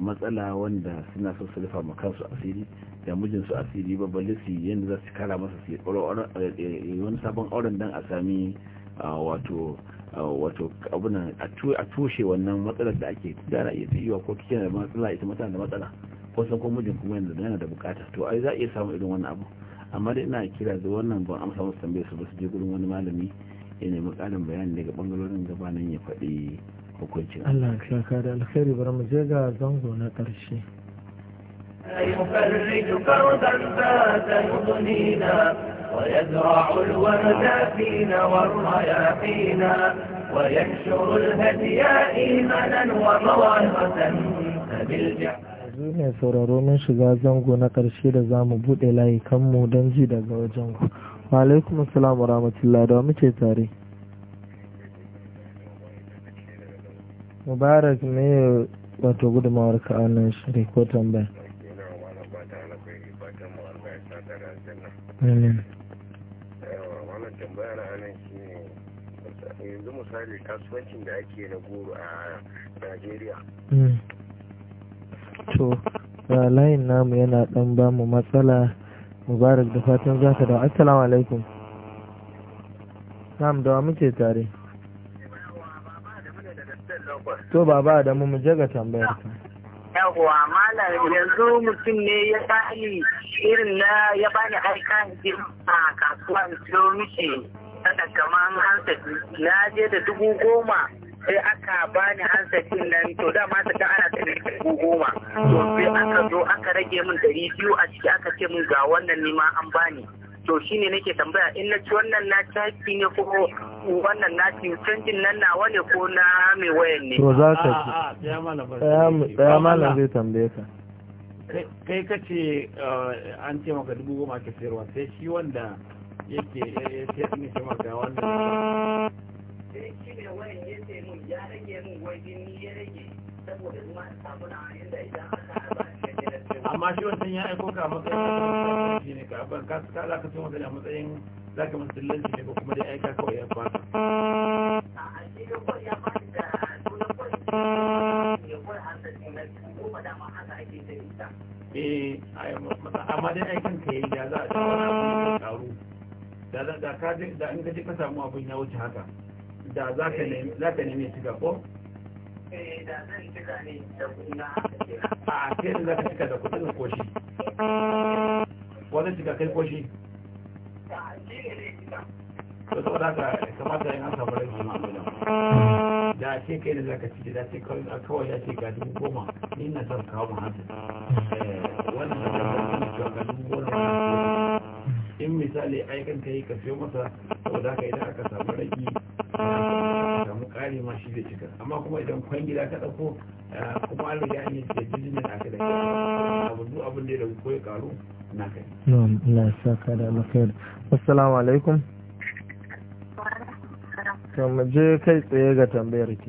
matsala wanda suna so su rufa su asiri da su asiri ba balle su yadda za su kara masa su yi wani sabon auren dan a sami wato wato abunan a tushe wannan matsalar da ake gara iya tsayuwa ko kike da matsala ita mata da matsala ko san ko mijin kuma yanzu yana da bukata to ai za a iya samun irin wannan abu amma dai ina kira da wannan ban amsa musu tambayar su ba su je gurin wani malami ya nemi ƙarin bayani daga ɓangarorin gabanin ya faɗi hukuncin Allah ya saka da alkhairi bari mu je ga zango na ƙarshe يفرج كربا فات يغنينا ويزرع الورد فينا والرياحينا وينشر الهدي إيمانا وموعظة فبالجعل yanzu mai sauraro mun shiga zango na ƙarshe da za mu buɗe layukanmu don ji daga wajen ku alaikum Asalamu wa da muke tare mubarak ne wato gudunmawar ka wannan shiri ko tambaya wannan tambaya na shi ne yanzu misali kasuwancin da hmm. ake na goro a najeriya to layin namu yana ɗan bamu matsala mubarak da fatan za ka dawo assalamu alaikum sam dawa muke tare to baba da mu mu ga tambayar ka yawwa malam yanzu mutum ne ya bani irin na ya bani aika a kasuwa in siyo mishi kaman hansa na je da dubu goma sai aka bani an sakin nan to da ma ta ana tsanin ne goma to sai aka zo aka rage min ɗari biyu a ciki aka ce min ga wannan nima an bani to shine nake tambaya in na ci wannan na taki ne ko wannan na ci canjin nan na wane ko na mai wayan ne to za ka ci daya malam zai tambaye ka kai ka ce uh, an ce maka dubu goma ke sayarwa sai shi wanda yake ya ce ne ce maka wannan sai shi ne wani ya ce mun ya rage mun wai jini ya rage saboda zuma da sabuna inda idan aka amma shi wancan ya aiko ka matsayin ne ka ban ka ka za ka tuma a matsayin za ka musulunci ne ko kuma dai aika kawai ya fata eh amma dai aikin ka yi da za a ci wani abu da karu da ka da in ka ji ka samu abin ya wuce haka da za ka nemi shiga ko? Eh, da zan shiga ne da kuna a kai da za ka da kudin koshi wani shiga kai koshi? da shi ne cika to Da ka kamata yin an samu rai shi da ake kai da zaka shiga da ce kawai ya ce ga dubu goma ni na son kawo mu hannu eh, wannan da zaka ci ga dubu goma in misali aikan ka yi ka siyo masa da ka idan aka samu raki samu kare ma shi zai cika amma kuma idan kwan gida ka ɗauko eh, kuma an riga an yi da jirgin aka da abu duk abin da ya rabu ko ya karu na kai. Na'am, Allah saka da alkhair. Assalamu alaikum. Kama je kai tsaye ga tambayar ki.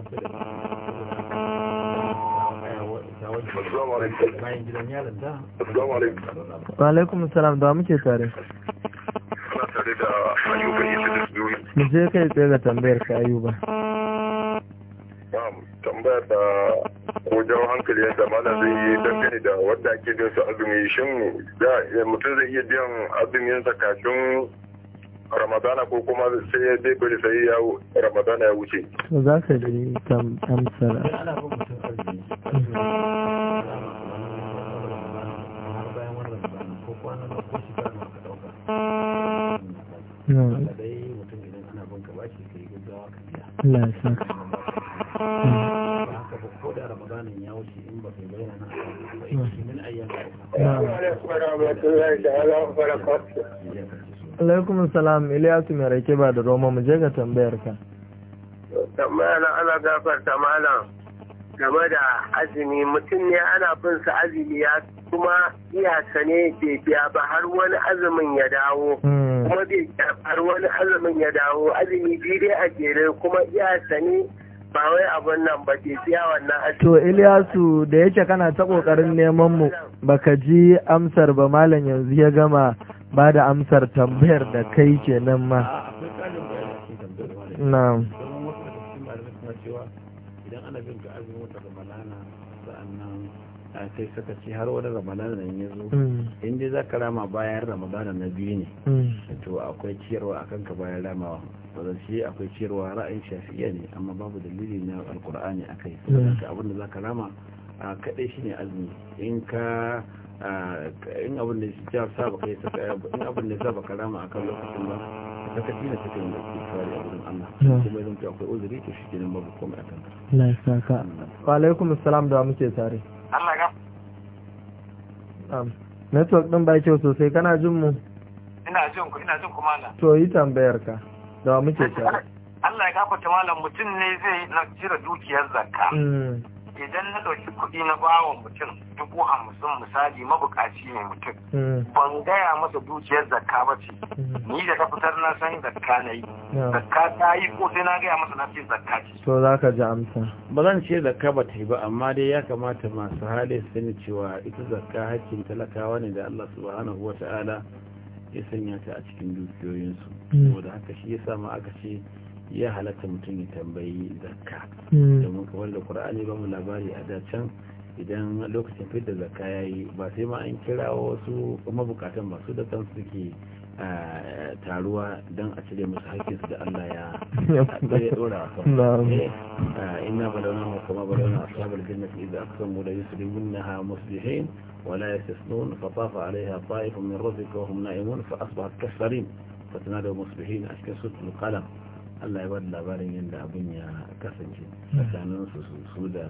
Wa alaikum salam da muke tare. Mu je kai tsaye da tambayar ka ayyuba. tambayar da ko jawo hankali yadda mana zai yi dangane da wadda ake biyan su azumi shin mutum zai iya biyan azumin sa kafin ramadana ko kuma sai ya dai bari sai ya ramadana ya wuce. To za ka ji amsar. Allah ya saka. Ko da Ramadanin ya wuce in ba kai bayyana na alaikum salam iliyasu mai rake ba da roma mu je ga tambayar ka tambaya na ana gafarta malam game da azumi mutum ne ana bin sa azumi ya kuma iyaka ne bai biya ba har wani azumin ya dawo hmm. kuma bai har wani azumin ya dawo azumi biyu dai a jere kuma iyaka ne ba wai abun nan ba ke biya wannan azumi to Ilyasu da yake kana ta kokarin neman mu baka ji amsar ba malam yanzu ya gama ba da amsar tambayar da kai kenan ma kai suka ce har wani ramadan nan ya zo hmm. in dai zaka rama bayan ramadan na biyu ne hmm. to akwai ciyarwa a kanka bayan ramawa wadda shi akwai ciyarwa ra'ayin shafi'a ne amma babu dalili na alkur'ani a kai hmm. abin da za rama a kaɗai shi ne azumi in ka in abin da ya saba kai in abin da saba ka rama akan lokacin ba da ka tina cikin da ke tsari a wurin Allah kuma yanzu akwai uzuri to shi nan babu komai a kanka Na isa ka. Wa alaikum assalam da muke tare. network din ba kyau sosai kana jin mu ina jin ku ina jin ku malam to yi tambayar ka da muke tare Allah ya gafarta malam mutum ne zai na jira dukiyar zakka mm. idan na ɗauki kuɗi na bawa mutum dubu hamsin misali mabukaci ne mutum hmm. ban gaya masa dukiyar zakka ba ce hmm. ni da ta fitar na san zakka na yi hmm. zakka ta yi ko sai na gaya masa na ce zakka ce to za ka ji amsa ba zan ce zakka ba ta yi ba amma dai ya kamata masu hali su cewa ita zakka hakkin talakawa ne da Allah subhanahu wa ta'ala ya sanya ta a cikin dukiyoyinsu saboda haka shi ya ma aka ce ya halatta mutum ya tambayi zakka domin wanda qur'ani ba mu labari a dacen idan lokacin fidda zakka yayi ba sai ma an kira wasu mabukatan ba su da kansu suke taruwa don a cire musu haƙƙinsu da Allah ya ɗaya dora a kan inna balawna mu kuma balawna ashabul jannati idza aqsamu la yuslimunha muslihin wa la yastasnun fa tafa alaiha ta'ifun min rabbika wa hum na'imun fa asbahat kasarin فتنادوا مصبحين أشكال سورة القلم Allah ya ba da labarin yadda abin ya kasance hmm. tsakanin su su da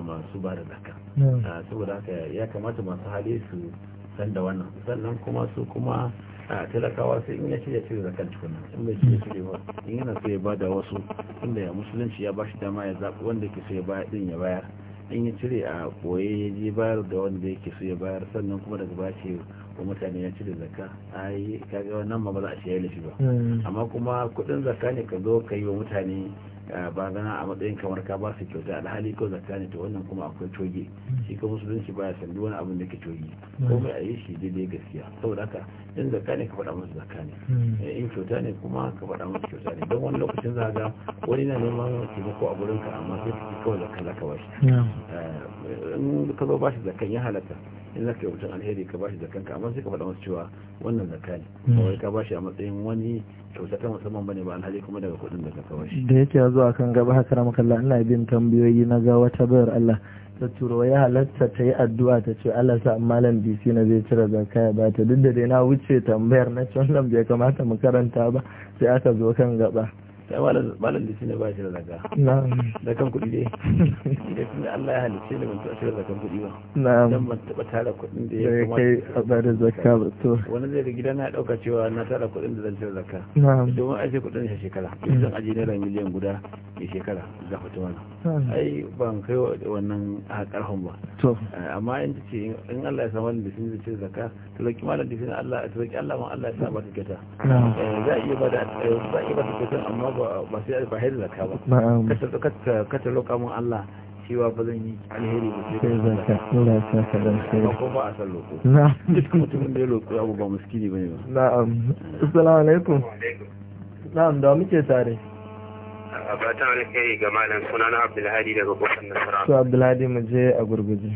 masu ba da daka hmm. saboda haka ya kamata masu hali su san da wannan sannan kuma su kuma a talakawa sai in ya shirya cire kan tukuna in bai shirya cire ba in yana so ya bada wasu inda ya musulunci ya bashi dama ya zaɓi wanda ke so ya baya din ya bayar in yi cire a boye ya je bayar da wanda yake so ya bayar sannan kuma daga bace wa mutane ya cire zaka ai kaga wannan ma ba za a shi ba hmm. amma kuma kuɗin zaka ne ka zo ka yi wa mutane barazana a matsayin kamar ka ba su kyauta alhali ko zakka ne to wannan kuma akwai toge shi ka musulunci baya sandi wani abin da ke toge ko mai a yi shi daidai gaskiya saboda haka in zakka ne ka faɗa musu zakka ne hmm. in kyauta ne kuma ka faɗa musu kyauta ne don wani lokacin za ga wani na neman taimako a gurin ka amma sai kawai zakka za ba hmm. eh, in ka zo ba shi ya halatta in za yi mutum alheri ka bashi da kanka amma sai ka faɗa masa cewa wannan zakka ne kawai hmm. ka bashi a matsayin wani kyauta ta musamman bane ba alhali kuma daga kuɗin da ka kawo shi da yake zuwa kan gaba haka na makalla ina bin tambayoyi na ga wata bayar Allah ta turo ya halatta ta yi addu'a ta ce Allah sa malam DC na zai cire zakka ya bata duk da dai na wuce tambayar na ce wannan bai kamata mu karanta ba sai aka zo kan gaba sai malam da shine ba shi da zaka da kan kuɗi dai da tun da Allah ya halice ni ban taɓa shigar da kan kuɗi ba dan ban taɓa tara kuɗin da ya kai a bada zakka ba to wani zai ga gidana ya ɗauka cewa na tara kuɗin da zan cire zakka domin a ce kuɗin shi shekara zan aje naira miliyan guda ya shekara za ku ta wannan ai ban kai wannan a karfin ba to eh, amma in ce in Allah ya samu da sun zai cire zakka to malam da Allah to laki Allah ma Allah ya sa ba ta kyauta eh, za a iya ba da eh, za a ta kyauta amma ba ka ta mun Allah cewa ba zan yi alheri ba sai da Allah ya dan sai na duk da ba bane ba ga malam Abdulhadi daga kofar Nasara to Abdulhadi mu je a gurguje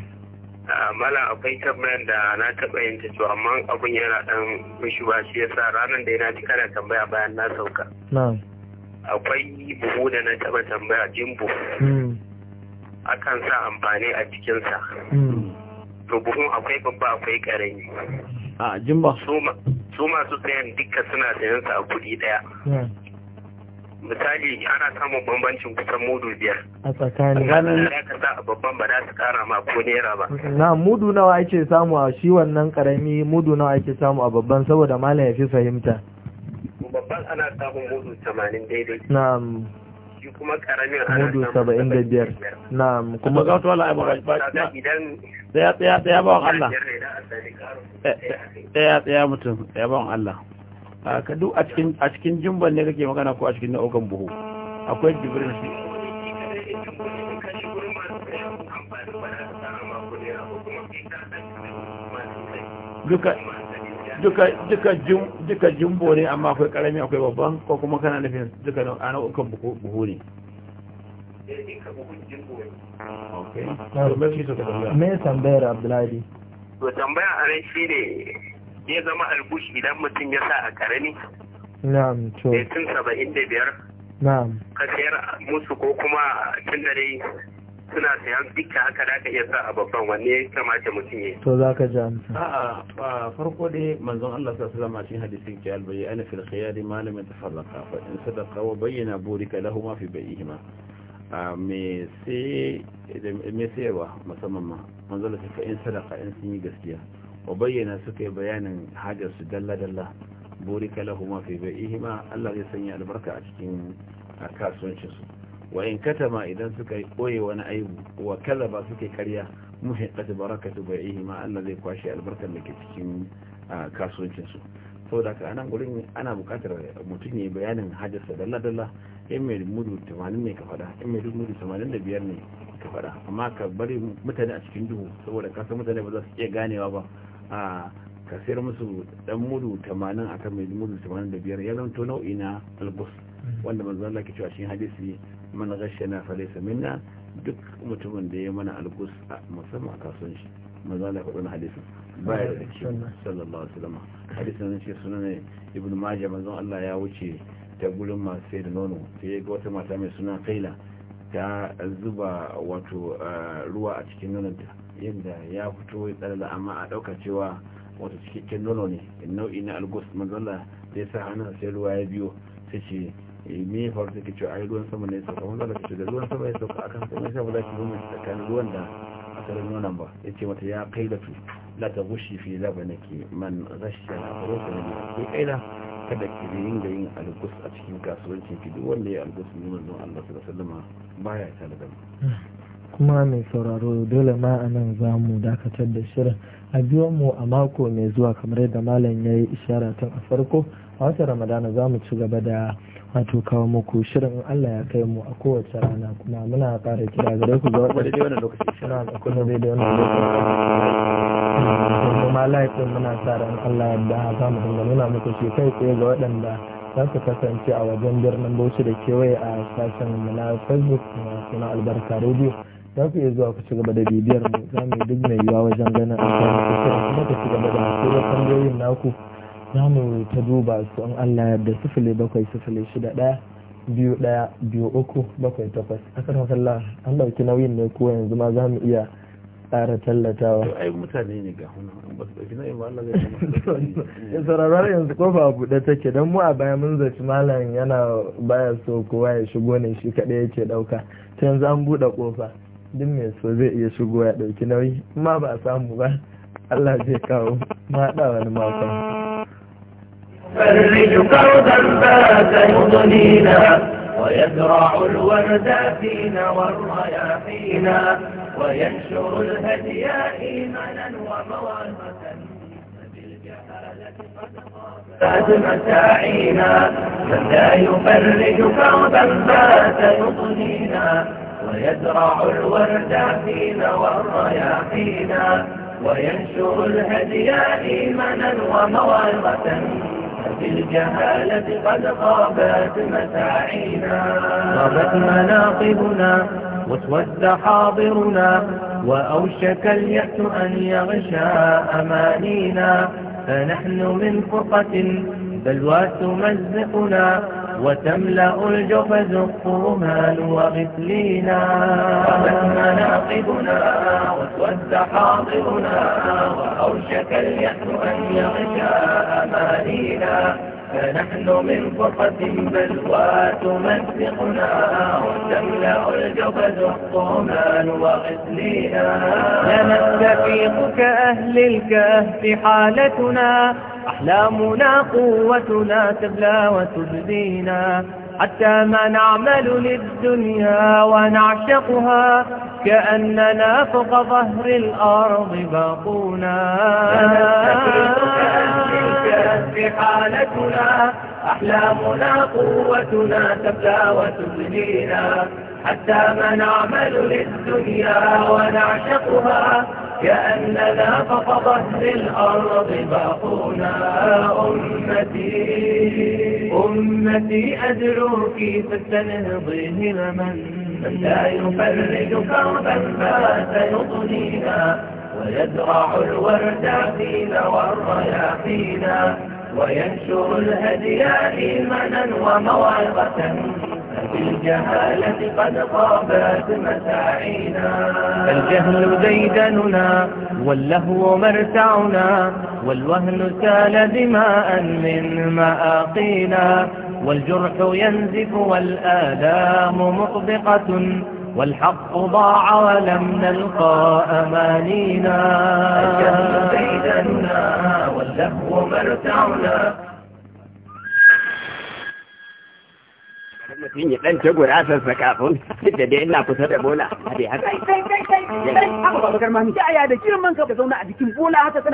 mala akwai tambayar da na taɓa yin ta cewa amma abun yana dan mishi ba shi yasa ranar da yana ji kana tambaya bayan na sauka na'am akwai buhu da na taba tambaya jimbo hmm. akan sa amfani a cikinsa hmm. to buhun akwai babba akwai karami a jimba su masu sayan duka suna sayan sa a kudi daya hmm. misali ana samun bambancin kusan mudu biyar a tsakanin ya ka sa a babban ba za su kara ma ko naira ba na mudu nawa ake samu a shi wannan karami mudu nawa ake samu a babban saboda malam ya fi fahimta babban ana samun mudu 80 daidai na'am shi kuma karamin ana samun mudu saba'in da biyar na'am kuma ga wata wala aibar ba idan tsaya tsaya tsaya ba Allah eh, eh, tsaya tsaya mutum tsaya ba Allah ah, ka duk a cikin jimban ne kake magana ko a cikin na'ukan buhu akwai jibirin shi duka duka jimbo ne amma akwai karami akwai babban ko kuma kana nufin duka nau'ukan buhu ne ah. me tambayar abdulladi to tambaya a rai shi ne ya zama albush idan mutum ya sa a karami na'am to tun saba'in da biyar na'am ka sayar musu ko kuma tun da dai suna sayan duka haka da aka iya sa a babban wanne ya kamata mutum ya to za ka ja mutum a farko dai manzon Allah sa sallama cikin hadisin ke albayi ana fil khiyari malamin tafarraqa fa in sadaqa wa bayyana burika lahuma fi a me sayarwa musamman ma manzala su fa'in sadaka in sun yi gaskiya wa bayyana suka yi bayanin hajarsu dalla-dalla buri kalahu fi bai ihima allah zai sanya albarka a cikin kasuwancinsu wa in katama idan suka koye wani aibu wa kazaba suke karya muhiqqat barakatu yi ma Allah zai kwashe albarkar da ke cikin kasuwancin su saboda ka anan gurin ana buƙatar mutum ya bayanin da dalla dalla in mai mudu 80 ne ka fada in mai mudu 85 ne ka fada amma ka bari mutane a cikin duhu saboda ka san mutane ba za su iya ganewa ba a ka sayar musu dan mudu 80 akan mai mudu 85 ya zanto nau'i na albus mm. wanda manzo Allah ke cewa shi hadisi man gashana falaysa minna duk mutumin da ya mana algus musamman a shi maza na faɗin hadisin baya da shi sallallahu alaihi wasallam hadisin nan ce sunan ibnu majah manzon Allah ya wuce ta gurin masu sai da nono sai ga wata mata mai suna kaila ta zuba wato ruwa a cikin nononta yadda ya fito ya tsarala amma a ɗauka cewa wato cikakken nono ne nau'i na algus manzon Allah zai sa hannun sai ruwa ya biyo sai ce Eh, me ya faru take cewa ai ruwan sama ne ya sauka wanda take da ruwan sama ya sauka akan kuma sai ba za ki zama kan ruwan da aka rano nan ba yace mata ya da tu la ta gushi fi labanaki man ghashya la farota ne ki kaila kada ki da yin algus a cikin kasuwancin ki duk wanda ya algus ne manzon Allah sallallahu baya tare da kuma mai sauraro dole ma a nan za mu dakatar da shirin a biyo mu a mako mai zuwa kamar yadda malam ya yi ishara tun a farko a watan ramadana za mu ci gaba da wato kawo muku shirin Allah ya kai mu a kowace rana kuma muna fara kira gare ku ga lokaci suna da kuma zai da wani lokaci kuma laifin muna sa ran Allah da za mu dinga muku shi kai tsaye ga waɗanda za su kasance a wajen birnin Bauchi da kewaye a sashen mu na Facebook na suna albarka radio za ku iya zuwa ku ci gaba da bibiyar mu za mu yi duk mai yiwa wajen ganin a kuma ku ci gaba da kuma tambayoyin naku za mu ta duba su an Allah yadda sifili bakwai sifili shida ɗaya biyu ɗaya biyu uku bakwai takwas a kan masalla an ɗauki nauyin ne ko yanzu ma za mu iya tsara tallatawa ai mutane ne ga hunan ba su ɗauki nauyin ba [laughs] yanzu kofa a buɗe take don mu a baya mun zaci malam yana baya so kowa ya shigo ne shi kaɗai yake ɗauka ta yanzu an buɗe kofa duk mai so zai iya shigo ya ɗauki nauyi amma ba a samu ba Allah zai kawo ma da wani mako فرج قودا بات يضنينا ويزرع الورد فينا والرياحين وينشر الهدي إيمانا وموالمة فبالجهالة قد قامت متاعينا من لا يفرج كربا بات يضنينا ويزرع الورد فينا والرياحين وينشر الهدي إيمانا وموعظة في الجهالة قد خابت مساعينا غابت مناقبنا وتود حاضرنا وأوشك اليأس أن يغشى أمانينا فنحن من فرقة بل وتمزقنا وتملأ الجفز الطرمان وغفلينا قامت مناقبنا واسود حاضرنا وأوشك اليأس أن يغشى أمانينا فنحن من فرقة بلوى تمزقنا وتملأ الجبل الطومان وغسلينا لنستفيق كأهل الكهف حالتنا أحلامنا قوتنا تبلى وتبدينا حتى ما نعمل للدنيا ونعشقها كأننا فوق ظهر الأرض باقونا حالتنا أحلامنا قوتنا تبلى وتبدينا حتى ما نعمل للدنيا ونعشقها كأننا فقدت للأرض باقونا أمتي أمتي أدعوك فتنهضي همما من لا يفرج كربا ما سيطنينا ويزرع الورد فينا والرياحينا وينشر الهدي إيمانا وموعظة بالجهالة قد خابت مساعينا الجهل ديدننا واللهو مرتعنا والوهن سال دماء من مآقينا والجرح ينزف والآلام مطبقة والحق ضاع ولم نلقى أمانينا الجهل ديدننا واللهو مرتعنا mutum ya ɗan ta gurasarsa kafin [laughs] da dai ina kusa da bola a dai haka. Kai kai kai kai kai kai kai kai Ya kai da kai manka ka zauna a jikin bola kai k